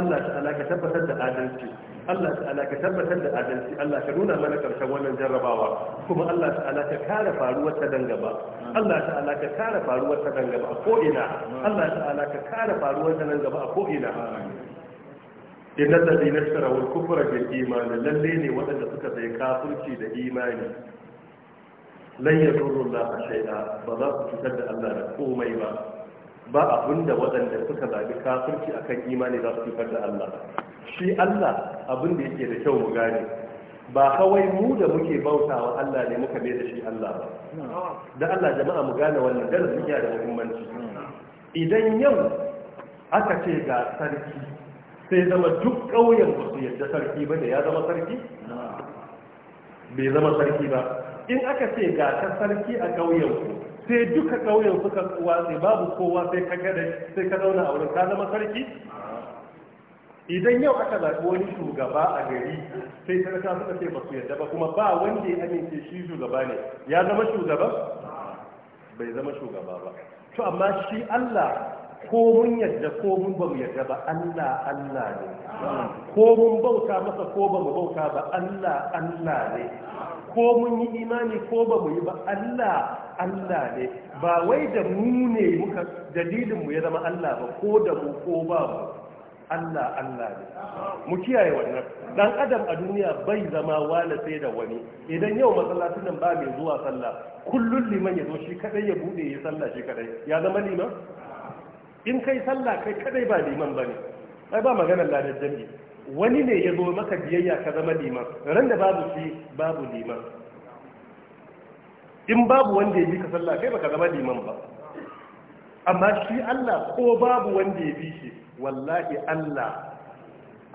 Allah Ta ta'ala ka tabbatar da adalci Allah Ta ta'ala ka tabbatar da adalci Allah ka nuna mana karshen wannan jarrabawa kuma Allah Ta ta'ala ka kare faruwar ta dangaba. Allah Ta ta'ala ka kare faruwar ta dangaba ko ina Allah Ta ta'ala ka kare faruwar ta dangaba ko ina inna alladhina ishtaraw al-kufra bil iman lalle ne waɗanda suka sai kafirci da imani lan yadurru Allah shay'a ba za su cutar da Allah da komai ba ba abinda wadanda suka zabi kafirci akan imani za su cutar da Allah shi Allah abin da yake da kyau mu gane ba kawai mu da muke bautawa Allah ne muka mai da shi Allah ba da Allah jama'a mu gane wannan darasi yana da muhimmanci idan yau aka ce ga sarki sai zama duk ƙauyen ba su yadda sarki ba da ya zama sarki bai zama sarki ba in aka ce ga ta sarki a ƙauyen sai duka ƙauyen suka sai babu kowa sai ka gada sai ka zauna a wurin ka zama sarki idan yau aka zaɓi wani shugaba a gari sai sarka suka ce ba su yadda ba kuma ba wanda ya amince shi shugaba ne ya zama shugaba bai zama shugaba ba to amma shi Allah ko mun yadda ko mun ba mu yadda ba Allah Allah ne ko mun bauta masa ko ba mu bauta ba Allah Allah ne ko mun yi imani ko ba mu yi ba Allah Allah ne ba wai da mu ne muka dalilin mu ya zama Allah ba ko da mu ko ba mu Allah Allah ne mu kiyaye wannan dan adam a duniya bai zama wala sai da wani idan yau masallacin nan ba mai zuwa sallah kullun liman ya zo shi kadai ya bude ya sallah shi kadai ya zama liman in kai sallah kai kadai ba liman ba ne, ai ba maganar ladar jami'i wani ne ya zo maka biyayya ka zama liman ran da babu shi babu liman in babu wanda ya bi ka sallah kai baka zama liman ba amma shi Allah ko babu wanda ya bi shi wallahi Allah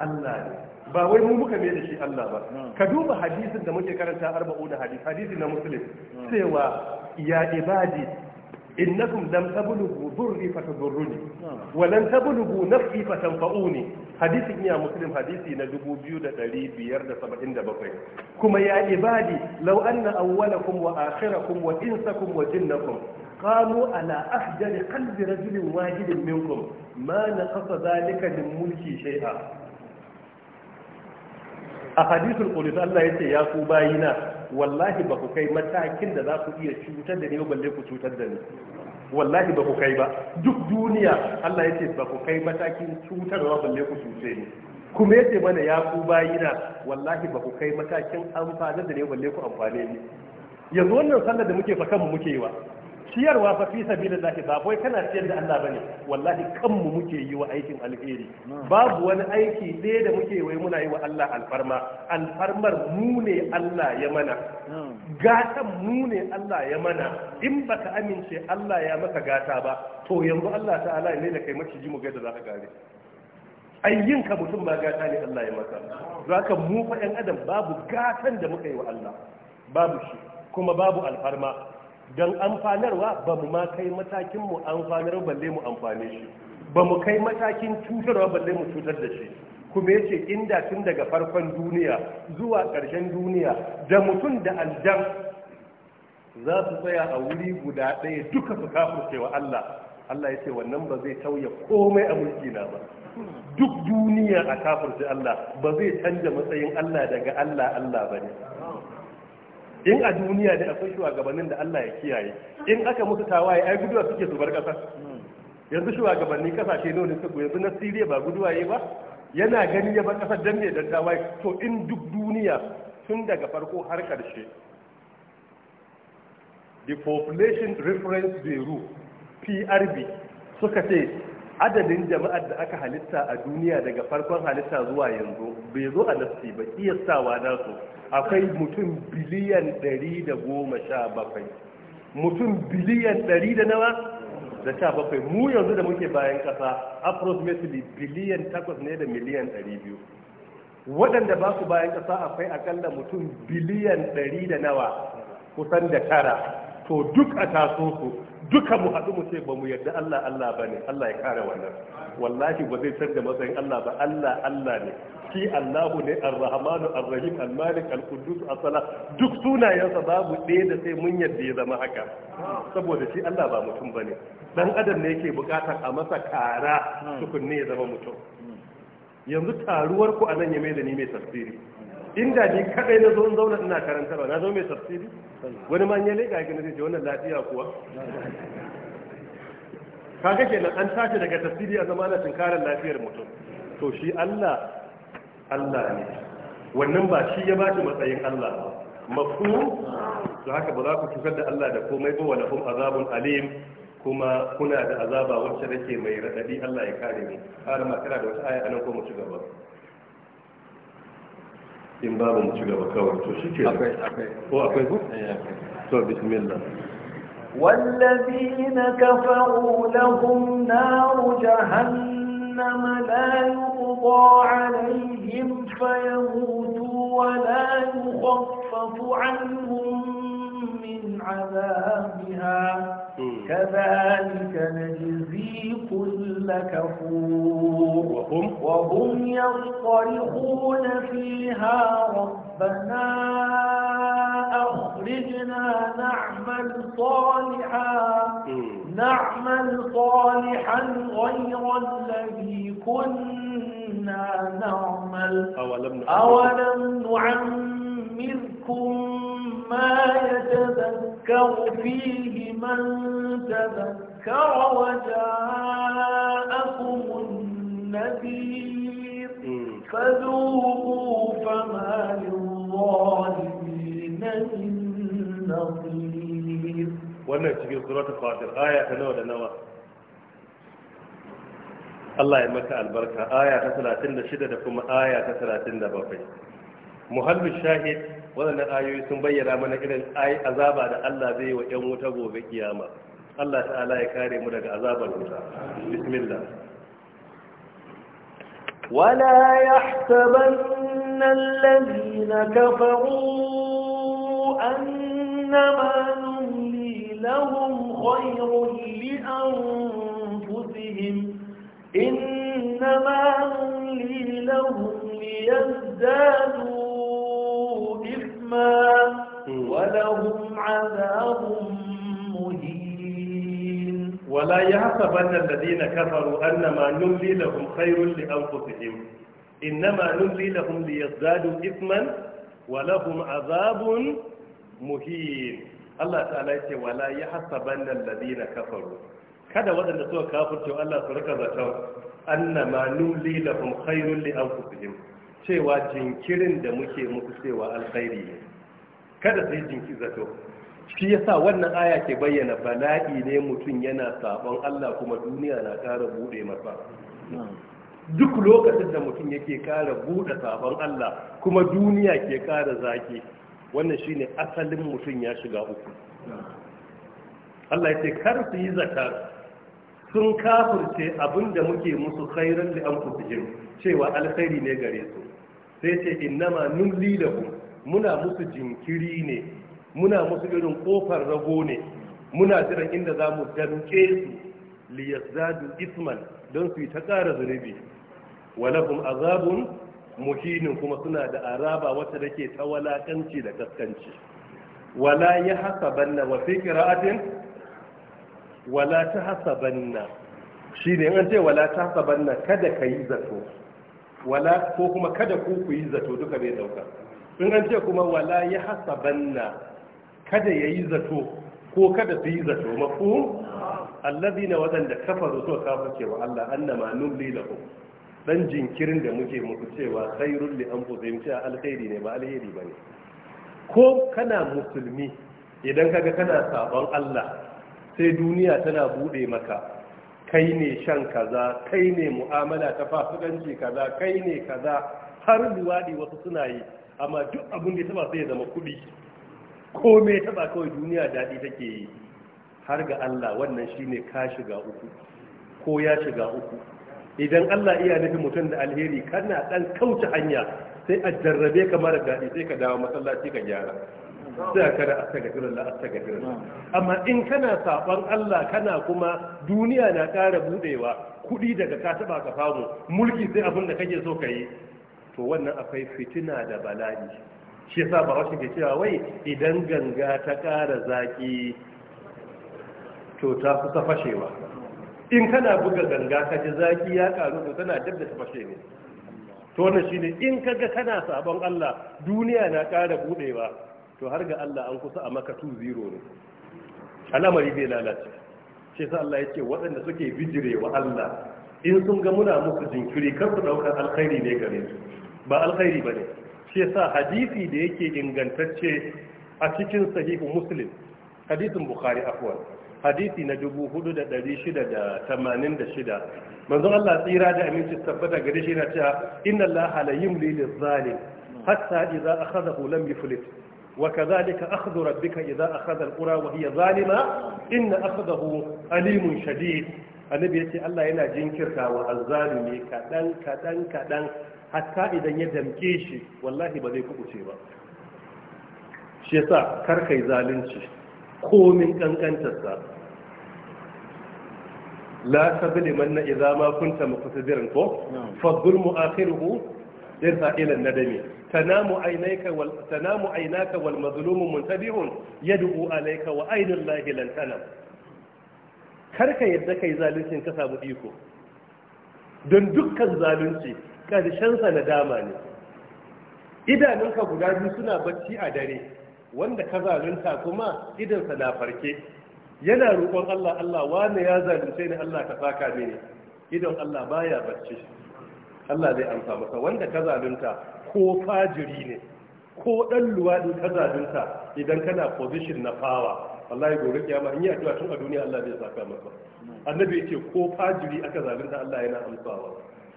Allah ne ba wai mu muka mai da shi Allah ba ka duba hadisin da muke karanta arba'u da hadis hadisi na muslim cewa ya ibadi innakum lam tablughu dhurri fatadurruni wa lam tablughu naf'i fatanfa'uni hadisin ya muslim hadisi na 2577 kuma ya ibadi law anna awwalakum wa akhirakum wa insakum wa jinnakum قالوا على أحجر قلب رجل واحد منكم ما نقص ذلك من mulki شيئا a hadisul qudus Allah yace ya ku bayina wallahi ba ku kai matakin da za ku iya cutar da ni balle ku cutar da ni wallahi ba ku kai ba duk duniya Allah ce ba ku kai matakin cutarwa balle ku cutar ni kuma ce mana ya ku bayina wallahi ba ku kai matakin amfani da ni balle ku amfane ni yanzu wannan sallar da muke fa kanmu muke yi wa ciyarwa fa fi sabilillahi ba wai kana ciyar da Allah bane wallahi kanmu muke yi wa aikin alheri babu wani aiki ɗaya da muke wai muna yi wa Allah alfarma alfarmar mu ne Allah ya mana gatan mu ne Allah ya mana in baka amince Allah ya maka gata ba to yanzu Allah ta'ala ne da kai maciji mu ga da zaka gare ayyin ka mutum ba gata ne Allah ya maka zaka mu fa yan adam babu gatan da muka yi wa Allah babu shi kuma babu alfarma don amfanarwa ba mu ma kai matakin mu amfanar balle mu amfane shi ba mu kai matakin cutarwa balle mu cutar da shi kuma yace inda tun daga farkon duniya zuwa ƙarshen duniya da mutum da aljan za su tsaya a wuri guda ɗaya duka su cewa Allah Allah ya ce wannan ba zai tauye komai a mulkina ba duk duniya a kafin Allah ba zai canja matsayin Allah daga Allah Allah ba ne in a duniya da akwai shugabannin da Allah ya kiyaye in aka musu tawaye ai guduwa suke su bar kasa yanzu shugabanni kasashe nawa ne su yanzu na Syria ba guduwa yayi ba yana gani ya bar kasar dan me dan tawaye to in duk duniya tun daga farko har karshe the population reference bureau PRB suka ce adadin jama'ar da aka halitta a duniya daga farkon halitta zuwa yanzu bai zo a nasti ba iya sawa nasu akwai mutum biliyan 117 mutum biliyan 100 da nawa da sha bakwai mu yanzu da muke bayan kasa approximately biliyan takwas ne da miliyan ɗari biyu waɗanda ba su bayan kasa akwai akalla mutum biliyan ɗari da nawa kusan da tara to duk a taso su duka mu haɗu mu ce ba mu yarda Allah Allah ba ne Allah ya kare wannan wallahi ba zai canza matsayin Allah ba Allah Allah ne Ki Allahu ne Ar-Rahmanu Ar-Rahim Al-Malik Al-Quddus as salah duk sunayensa babu ɗaya da sai mun yarda ya zama haka saboda shi Allah ba mutum bane dan adam ne yake bukatar a masa kara tukunne ya zama mutum yanzu taruwar ku anan ya mai da ni mai tafsiri inda ni kadai na zo in zauna ina karantarwa na zo mai tafsiri wani ma ya leka gina zai wannan lafiya kuwa kaga nan an tashi daga tafsiri a zama na tunkarar lafiyar mutum to shi Allah Allah ne wannan ba shi ya bashi matsayin Allah ba mafhum to haka ba za ku cutar da Allah da komai ba wani kuma azabun alim kuma kuna da azaba wacce ke mai raɗaɗi Allah ya kare ni har ma da wata aya anan ko mu ci gaba in babu mu ci gaba kawai to shi ke akwai ko akwai ko eh, to bismillah والذين كفروا لهم نار جهنم لا يقضى عليهم فيموتوا ولا يخفف عنهم من عذابها كذلك نجزي كل كفور وهم, وهم يصطرخون فيها ربنا أخرجنا نعمل صالحا نعمل صالحا غير الذي كنا نعمل أولم نعمل منكم ما يتذكر فيه من تذكر وجاءكم النذير فذوقوا فما للظالمين من نظير وانا اتجي القراءة الفاتر آية نوى لنوى الله يمكى البركة آية 36 آية 37 muhallin shahid waɗannan ayoyi sun bayyana mana irin azaba da Allah zai wa ‘yan wuta gobe kiyama Allah ta'ala ya kare mu daga azabar wuta bismillah ولا يحسبن الذين كفروا أنما نملي لهم خير لأنفسهم إنما أملي لهم ليزدادوا إثما ولهم عذاب مهين ولا يحسبن الذين كفروا أنما نملي لهم خير لأنفسهم إنما نملي لهم ليزدادوا إثما ولهم عذاب مهين Allah ta'ala ya ce wala ya hasaban nan ladina kafaru kada waɗanda suka kafirce Allah su rika zaton annama nuli lahum khairun li anfusihim cewa jinkirin da muke muku cewa alkhairi ne kada sai jinki zato shi yasa wannan aya ke bayyana bala'i ne mutum yana sabon Allah kuma duniya na ƙara bude masa duk lokacin da mutum yake kara bude sabon Allah kuma duniya ke kara zaki wannan shine asalin mutum ya shiga uku Allah ya ce kar su yi sun kafirce abinda muke musu khairan li anfusihim cewa alkhairi ne gare su sai ce innama numli lahum muna musu jinkiri ne muna musu irin kofar rago ne muna jiran inda za mu danke su li yazadu isman don su yi ta ƙara zunubi walahum azabun muhinin kuma suna da araba wacce dake ta walakanci da kaskanci wala ya wa fi qira'atin wala ta hasabanna shi ne an ce wala ta hasabanna kada ka yi zato wala ko kuma kada ku ku yi zato duka bai dauka in an ce kuma wala ya hasabanna kada ya yi zato ko kada su yi zato mafu allazi na waɗanda kafaru so kafa cewa Allah annama nulli lahu dan jinkirin da muke muku cewa khairul li anfusihim cewa alkhairi ne ba alheri bane ko kana musulmi idan kaga kana sabon Allah sai duniya tana bude maka kai ne shan kaza kai ne mu'amala ta fasukanci kaza kai ne kaza har luwaɗi wasu suna yi amma duk abin da ya sai ya zama kuɗi ko me taba kawai duniya daɗi take yi har ga Allah wannan shine ka shiga uku ko ya shiga uku idan Allah iya nufi mutum da alheri kana dan kauce hanya sai a jarrabe ka mara daɗi sai ka dawo masallaci ka gyara za ka da astagfirullah astagfirullah amma in kana saban Allah kana kuma duniya na ƙara budewa kuɗi daga ka taba ka samu mulki sai abin da kake so ka yi to wannan akwai fitina da bala'i shi yasa ba wacce ke cewa wai idan ganga ta ƙara zaki to ta kusa fashewa in kana buga ganga ka ji zaki ya karu to tana dab da ta fashe ne to wannan shine in kaga kana sabon Allah duniya na ƙara budewa to har ga Allah an kusa a maka 2-0 ne al'amari bai lalace shi sa Allah ya ce waɗanda suke bijire wa Allah in sun ga muna musu jinkiri kar su ɗaukar alkhairi ne gare su ba alkhairi ba ne shi sa hadisi da yake ingantacce a cikin sahihu muslim hadisin bukhari afwan hadisi na 4686 manzon Allah tsira da aminci tabbata gare shi yana cewa inna allaha la yumli lil zalim hatta idza akhadahu lam yuflit وكذلك أخذ ربك إذا أخذ القرى وهي ظالمة إن أخذه أليم شديد annabi ya ce Allah yana jinkirta wa azzalimi kaɗan kaɗan kaɗan hatta idan ya damke shi wallahi ba zai kubuce ba shi yasa kar kai zalunci komin kankantarsa la tabliman na idza ma kunta muqtadiran ko fa dhulmu akhiruhu irsa ila nadami تنام عينيك وال... تنام عيناك والمظلوم منتبه يدعو عليك وعين الله لن تنام ka yadda kai zaluncin ka samu iko don dukkan zalunci karshensa na dama ne idanunka guda biyu suna barci a dare wanda ka zalunta kuma idansa na farke yana roƙon Allah Allah wane ya zalunce ni Allah ka saka mini idan Allah baya bacci Allah zai amsa maka wanda ka zalunta ko fajiri ne ko dan luwadi ka zalunta idan kana position na power wallahi gobe kiyama in yi addu'a tun a duniya Allah zai saka maka annabi yake ko fajiri aka zalunta Allah yana amsawa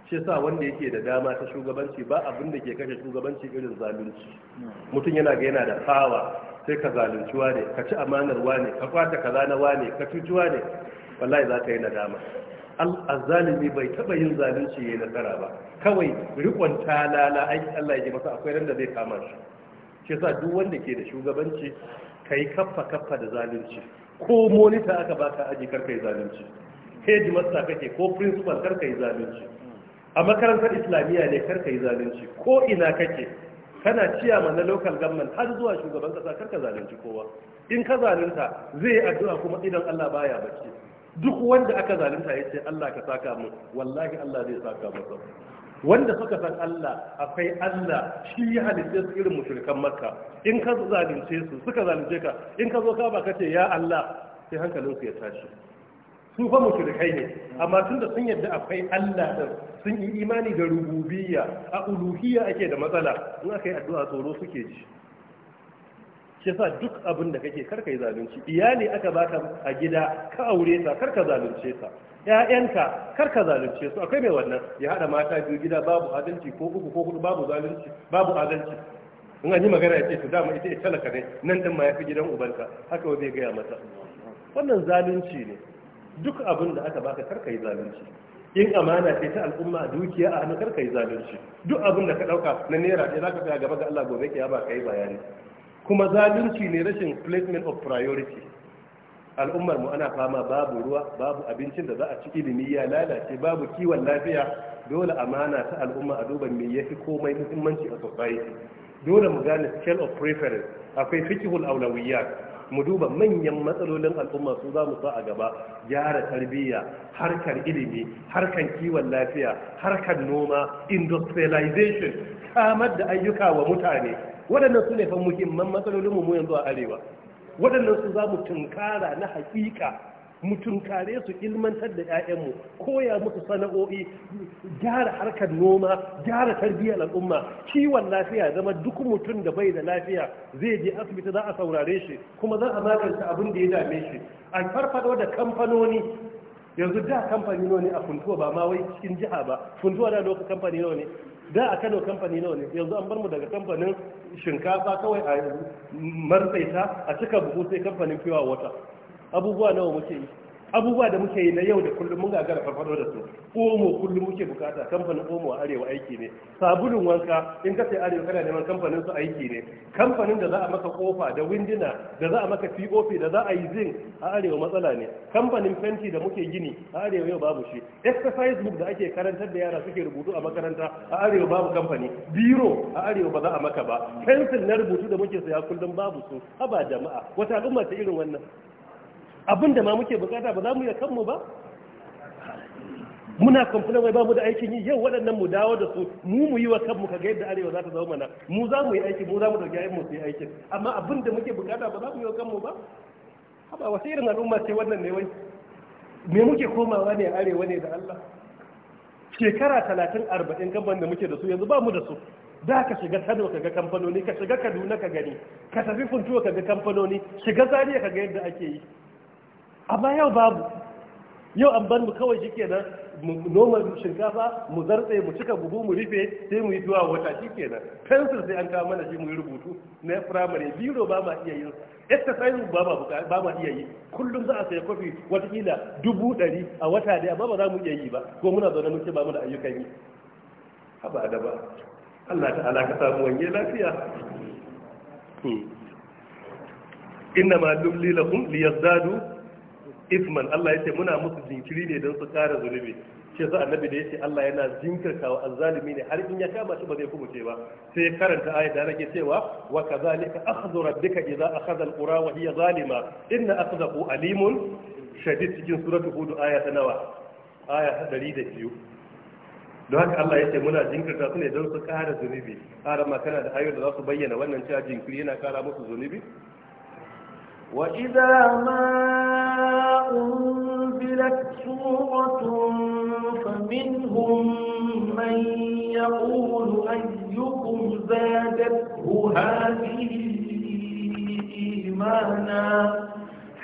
shi yasa wanda yake da dama ta shugabanci ba abin da ke kashe shugabanci irin zalunci mutum yana ga yana da fawa sai ka zalunci wane ka ci amanar wane ka kwata kaza na wane ka cuci wane wallahi za ka yi nadama al'azalimi bai taɓa yin zalunci ya yi nasara ba kawai rikon talala ai Allah ya ji masa akwai ran da zai kama shi shi yasa duk wanda ke da shugabanci kai kaffa kaffa da zalunci ko monitor aka baka aji kar yi zalunci master kake ko principal kar yi zalunci a makarantar islamiyya ne kar yi zalunci ko ina kake kana ciyama na local government har zuwa shugaban kasa kar ka zalunci kowa in ka zalunta zai yi addu'a kuma idan Allah baya bacci duk wanda aka zalunta ya ce Allah ka saka mu wallahi Allah zai saka masa wanda suka san Allah akwai Allah shi ya halitta su irin mushrikan Makka in ka zalunce su suka zalunce ka in ka zo ka ba ka ce ya Allah sai hankalin su ya tashi su fa mushrikai ne amma tun da sun yadda akwai Allah din sun yi imani da rububiyya a uluhiyya ake da matsala in aka yi addu'a tsoro suke ji shi sa duk abin da kake karka yi zalunci iyali aka baka a gida ka aure ta karka zalunce ta ƴaƴanka karka zalunce su akwai mai wannan ya hada mata biyu gida babu adalci ko uku ko hudu babu zalunci babu adalci in an yi magana ya ce to dama ita ya talaka ne nan din ma ya fi gidan ubanka haka wa zai gaya mata wannan zalunci ne duk abin da aka baka karka yi zalunci in amana ce ta al'umma a dukiya a hannu karka yi zalunci duk abin da ka dauka na naira za zaka tsaya gaba ga Allah gobe kiyama kai bayani kuma zalunci ne rashin placement of priority al'ummar mu ana fama babu ruwa babu abincin da za a ci ilimi ya lalace babu kiwon lafiya dole amana ta al'umma a duba me yafi komai muhimmanci a society dole mu gane scale of preference akwai fiqhul awlawiyat mu duba manyan matsalolin al'umma su za mu sa a gaba gyara tarbiyya harkar ilimi harkar kiwon lafiya harkar noma industrialization samar da ayyuka wa mutane waɗannan su ne fa muhimman matsalolin mu yanzu a arewa waɗannan su za mu tunkara na haƙiƙa mu tunkare su ilmantar da 'ya'yanmu koya musu sana'o'i gyara harkar noma gyara tarbiyyar al'umma kiwon lafiya zama duk mutum da bai da lafiya zai je asibiti za a saurare shi kuma za a magance abin da ya dame shi a farfado da kamfanoni yanzu da kamfani ne a funtuwa ba ma wai cikin jiha ba funtuwa da lokacin kamfani da a kano kamfani yanzu an bar mu daga kamfanin shinkafa kawai a martsaita a cika buhu sai kamfanin fiwa wata abubuwa nawa muke yi abubuwa da muke yi na yau da kullum mun gagara farfado da su omo kullum muke bukata kamfanin omo a arewa aiki ne sabulun wanka in ka sai arewa kana neman kamfanin su aiki ne kamfanin da za a maka kofa da windina da za a maka pop da za a yi zin a arewa matsala ne kamfanin fenti da muke gini a arewa yau babu shi exercise book da ake karantar da yara suke rubutu a makaranta a arewa babu kamfani biro a arewa ba za a maka ba pencil na rubutu da muke saya kullum babu su haba jama'a wata al'umma ta irin wannan abinda ma muke bukata ba za mu yi kanmu ba muna kamfuna mai ba mu da aikin yi yau waɗannan mu dawo da su mu mu yi wa kanmu kaga yadda arewa za ta zama mana mu za mu yi aikin mu za mu dauki ayyukan mu su yi aikin amma abin da muke bukata ba za mu yi wa kanmu ba haba wasu irin al'umma ce wannan ne wai me muke komawa ne arewa ne da Allah shekara talatin arba'in gaban da muke da su yanzu ba mu da su da ka shiga Kano ka ga kamfanoni ka shiga Kaduna ka gani ka tafi Funtuwa ka ga kamfanoni shiga Zaria ka ga yadda ake yi amma yau babu yau an bar mu kawai nan mu noma shinkafa mu zartse mu cika buhu mu rufe sai mu yi tuwa wata nan pencil sai an kawo mana shi mu yi rubutu na primary biro ba ma iya yin exercise ba ma ba ma iya yi kullum za a sayi kofi watakila dubu ɗari a wata dai amma ba za mu iya yi ba ko muna zaune mun ce ba mu da ayyukan yi haba da ba Allah ta'ala ka samu wange lafiya إنما نملي لهم ليزدادوا isman Allah ce muna musu jinkiri ne don su kara zunubi shi yasa annabi da ce Allah yana jinkirta wa azzalimi ne har in ya kama shi ba zai kubuce ba sai karanta ayat da nake cewa wa kadhalika akhdhu rabbika idza akhadha alqura wa hiya zalima inna akhdahu alimun shadid cikin suratu hud aya ta nawa aya ta 102 don haka Allah ya ce muna jinkirta su ne don su kara zunubi ƙara kana da ayoyi da za su bayyana wannan cewa jinkiri yana kara musu zunubi wa idza ma أنزلت سورة فمنهم من يقول أيكم زادته هذه إيمانا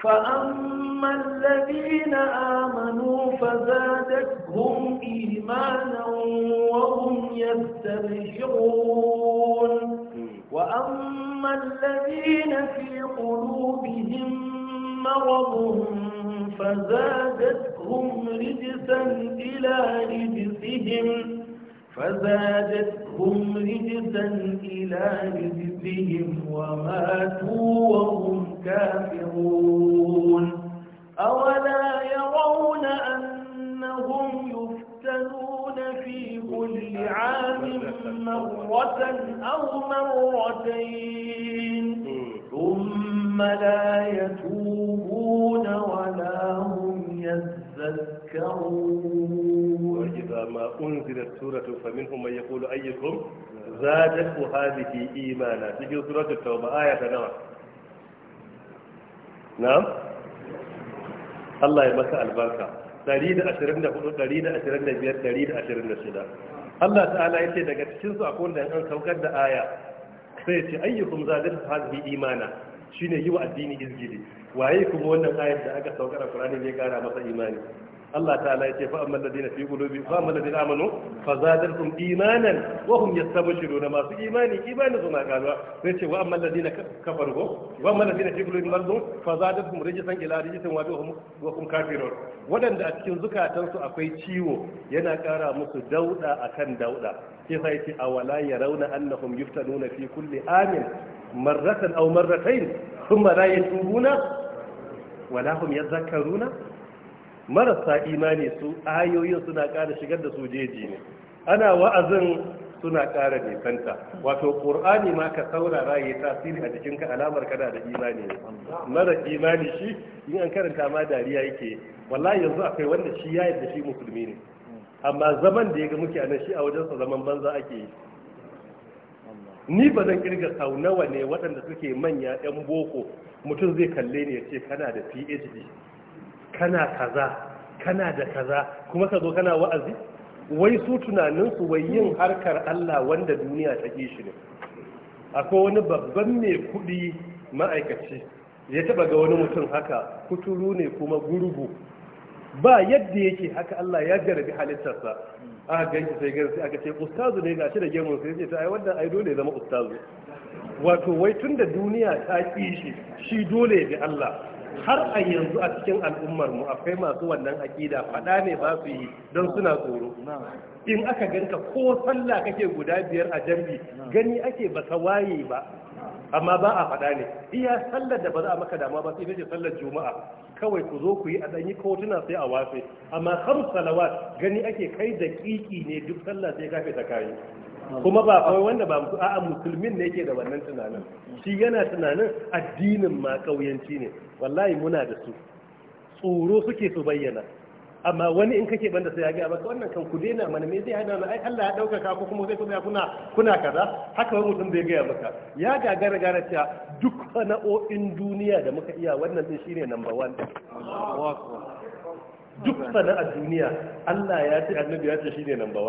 فأما الذين آمنوا فزادتهم إيمانا وهم يستبشرون وأما الذين في قلوبهم مرضهم فزادتهم رجسا إلى رجسهم فزادتهم رجسا إلى رجسهم وماتوا وهم كافرون أولا يرون أنهم يفتنون في كل عام مرة أو مرتين ثم لا يتوبون ولا هم يذكرون وإذا ما أنزلت سورة فمنهم من يقول أيكم زادت هذه إيمانا تجي سورة التوبة آية نوع نعم الله يمسى البركة دليل أشرين دخلوا دليل أشرين دبير دليل أشرين دشدا الله تعالى يتي دقت شنسو أقول لأن أن سوكت آية سيتي أيكم زادت هذه إيمانا shine yi wa addini izgili waye kuma wannan ayar da aka saukar a Qur'ani ne kara masa imani Allah ta'ala ya ce fa amman ladina fi qulubi fa amman ladina amanu fa zadatuhum imanan wa hum yastabshirun masu imani imani suna karuwa sai ce wa amman ladina kafaru ko wa amman ladina fi qulubi mardu fa zadatuhum rijsan ila rijsin wa hum wa hum kafirun wadanda a cikin zukatan su akwai ciwo yana kara musu dauda akan dauda sai sai ce awala yarawna annahum yuftanuna fi kulli amin marratan aw marratayn thumma la yatubuna wala hum yadhakkaruna marasa imani su ayoyin suna ƙara shigar da su jeji ne ana wa'azin suna ƙara nisanta wato ƙur'ani ma ka saurara ya tasiri a jikinka alamar kana da imani ne mara imani shi in an karanta ma dariya yake wallahi yanzu akwai wanda shi ya yarda shi musulmi ne amma zaman da ya ga muke nan shi a wajensa zaman banza ake yi ni ba zan kirga sau nawa ne waɗanda suke manya yan boko mutum zai kalle ne ya ce kana da phd kana kaza kana da kaza kuma ka zo kana wa'azi wai su tunanin su wai yin harkar allah wanda duniya ta ƙi shi ne akwai wani babban mai kuɗi ma'aikaci ya taɓa ga wani mutum haka kuturu ne kuma gurgu ba yadda yake haka allah ya jarabi halittarsa aka ganki sai gani sai aka ce ustazu ne gashi da gemu sai ce ta ai wannan ai dole ya zama ustazu wato wai tun da duniya ta ƙi shi shi dole ya Allah har a yanzu a cikin al'ummar mu akwai masu wannan aƙida faɗa ne ba su yi don suna tsoro in aka ganka ko sallah kake guda biyar a jambi gani ake baka waye ba amma ba a faɗa ne iya sallar da ba za a maka dama ba sai ita sallar juma'a kawai ku zo ku yi a ɗanyi kotuna sai a wafe amma kam salawat gani ake kai da kiki ne duk sallah sai kafe ta kayi kuma ba kawai wanda ba a'a musulmin ne yake da wannan tunanin shi yana tunanin addinin ma kauyanci ne wallahi muna da su tsoro suke su bayyana amma wani in kake banda sai ya ga maka wannan kan ku daina mana me zai hana ai Allah ya dauka ko kuma zai kuma kuna kuna kaza haka wani mutum zai gaya maka ya gagara gara cewa duk sana'o'in duniya da muka iya wannan din shine number 1 duk a duniya Allah ya ce annabi ya ce shine number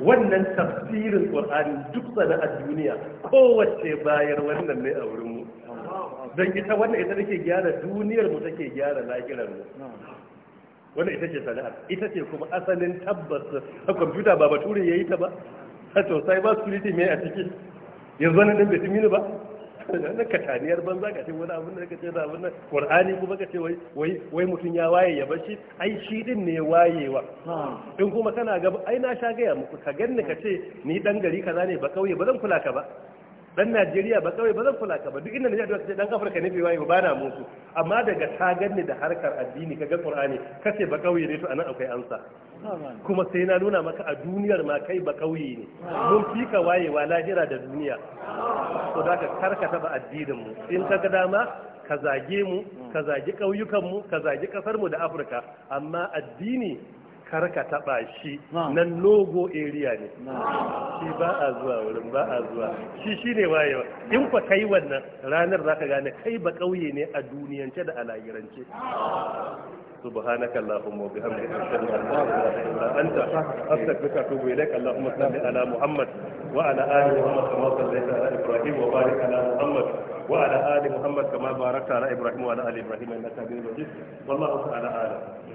1 wannan tafsirin Qur'ani duk a duniya kowace bayar wannan ne a wurin mu dan ita wannan ita take gyara duniyar mu take gyara lahirar mu wannan ita ce sana'ar ita ce kuma asalin tabbas a kwamfuta ba bature ya yi ta ba a to cyber security mai a ciki yanzu wani ɗan bai mini ba na kataniyar banza ka ce wani abin da ka ce da abin nan qur'ani kuma ka ce wai mutum ya waye ya bashi ai shi din ne wayewa in kuma kana gaba, ai na sha gaya muku ka ganni ka ce ni dan gari kaza ne ba kauye ba zan kula ka ba dan Najeriya ba kawai ba zan kula ka ba duk inda naje ce dan Afirka ne bai ba bana musu amma daga ta ganni da harkar addini kaga Qur'ani kace ba kawai ne to anan akwai amsa kuma sai na nuna maka a duniyar ma kai ba kawai ne mun fi fika wayewa lahira da duniya to da ka karkata ba addinin mu in ka ga dama ka zage mu ka zage kauyukan mu ka zage kasar mu da Afirka amma addini karka taba shi nan logo area ne shi ba a zuwa wurin ba a zuwa shi shi ne wayewa in kwa kai wannan ranar zaka gane kai ba kauye ne a duniyance da alayirance سبحانك اللهم وبحمدك اشهد ان لا اله الا انت استغفرك واتوب اليك اللهم صل على محمد وعلى ال محمد كما صليت على ابراهيم وبارك على محمد وعلى ال محمد كما باركت على ابراهيم وعلى ال ابراهيم انك حميد مجيد والله تعالى اعلم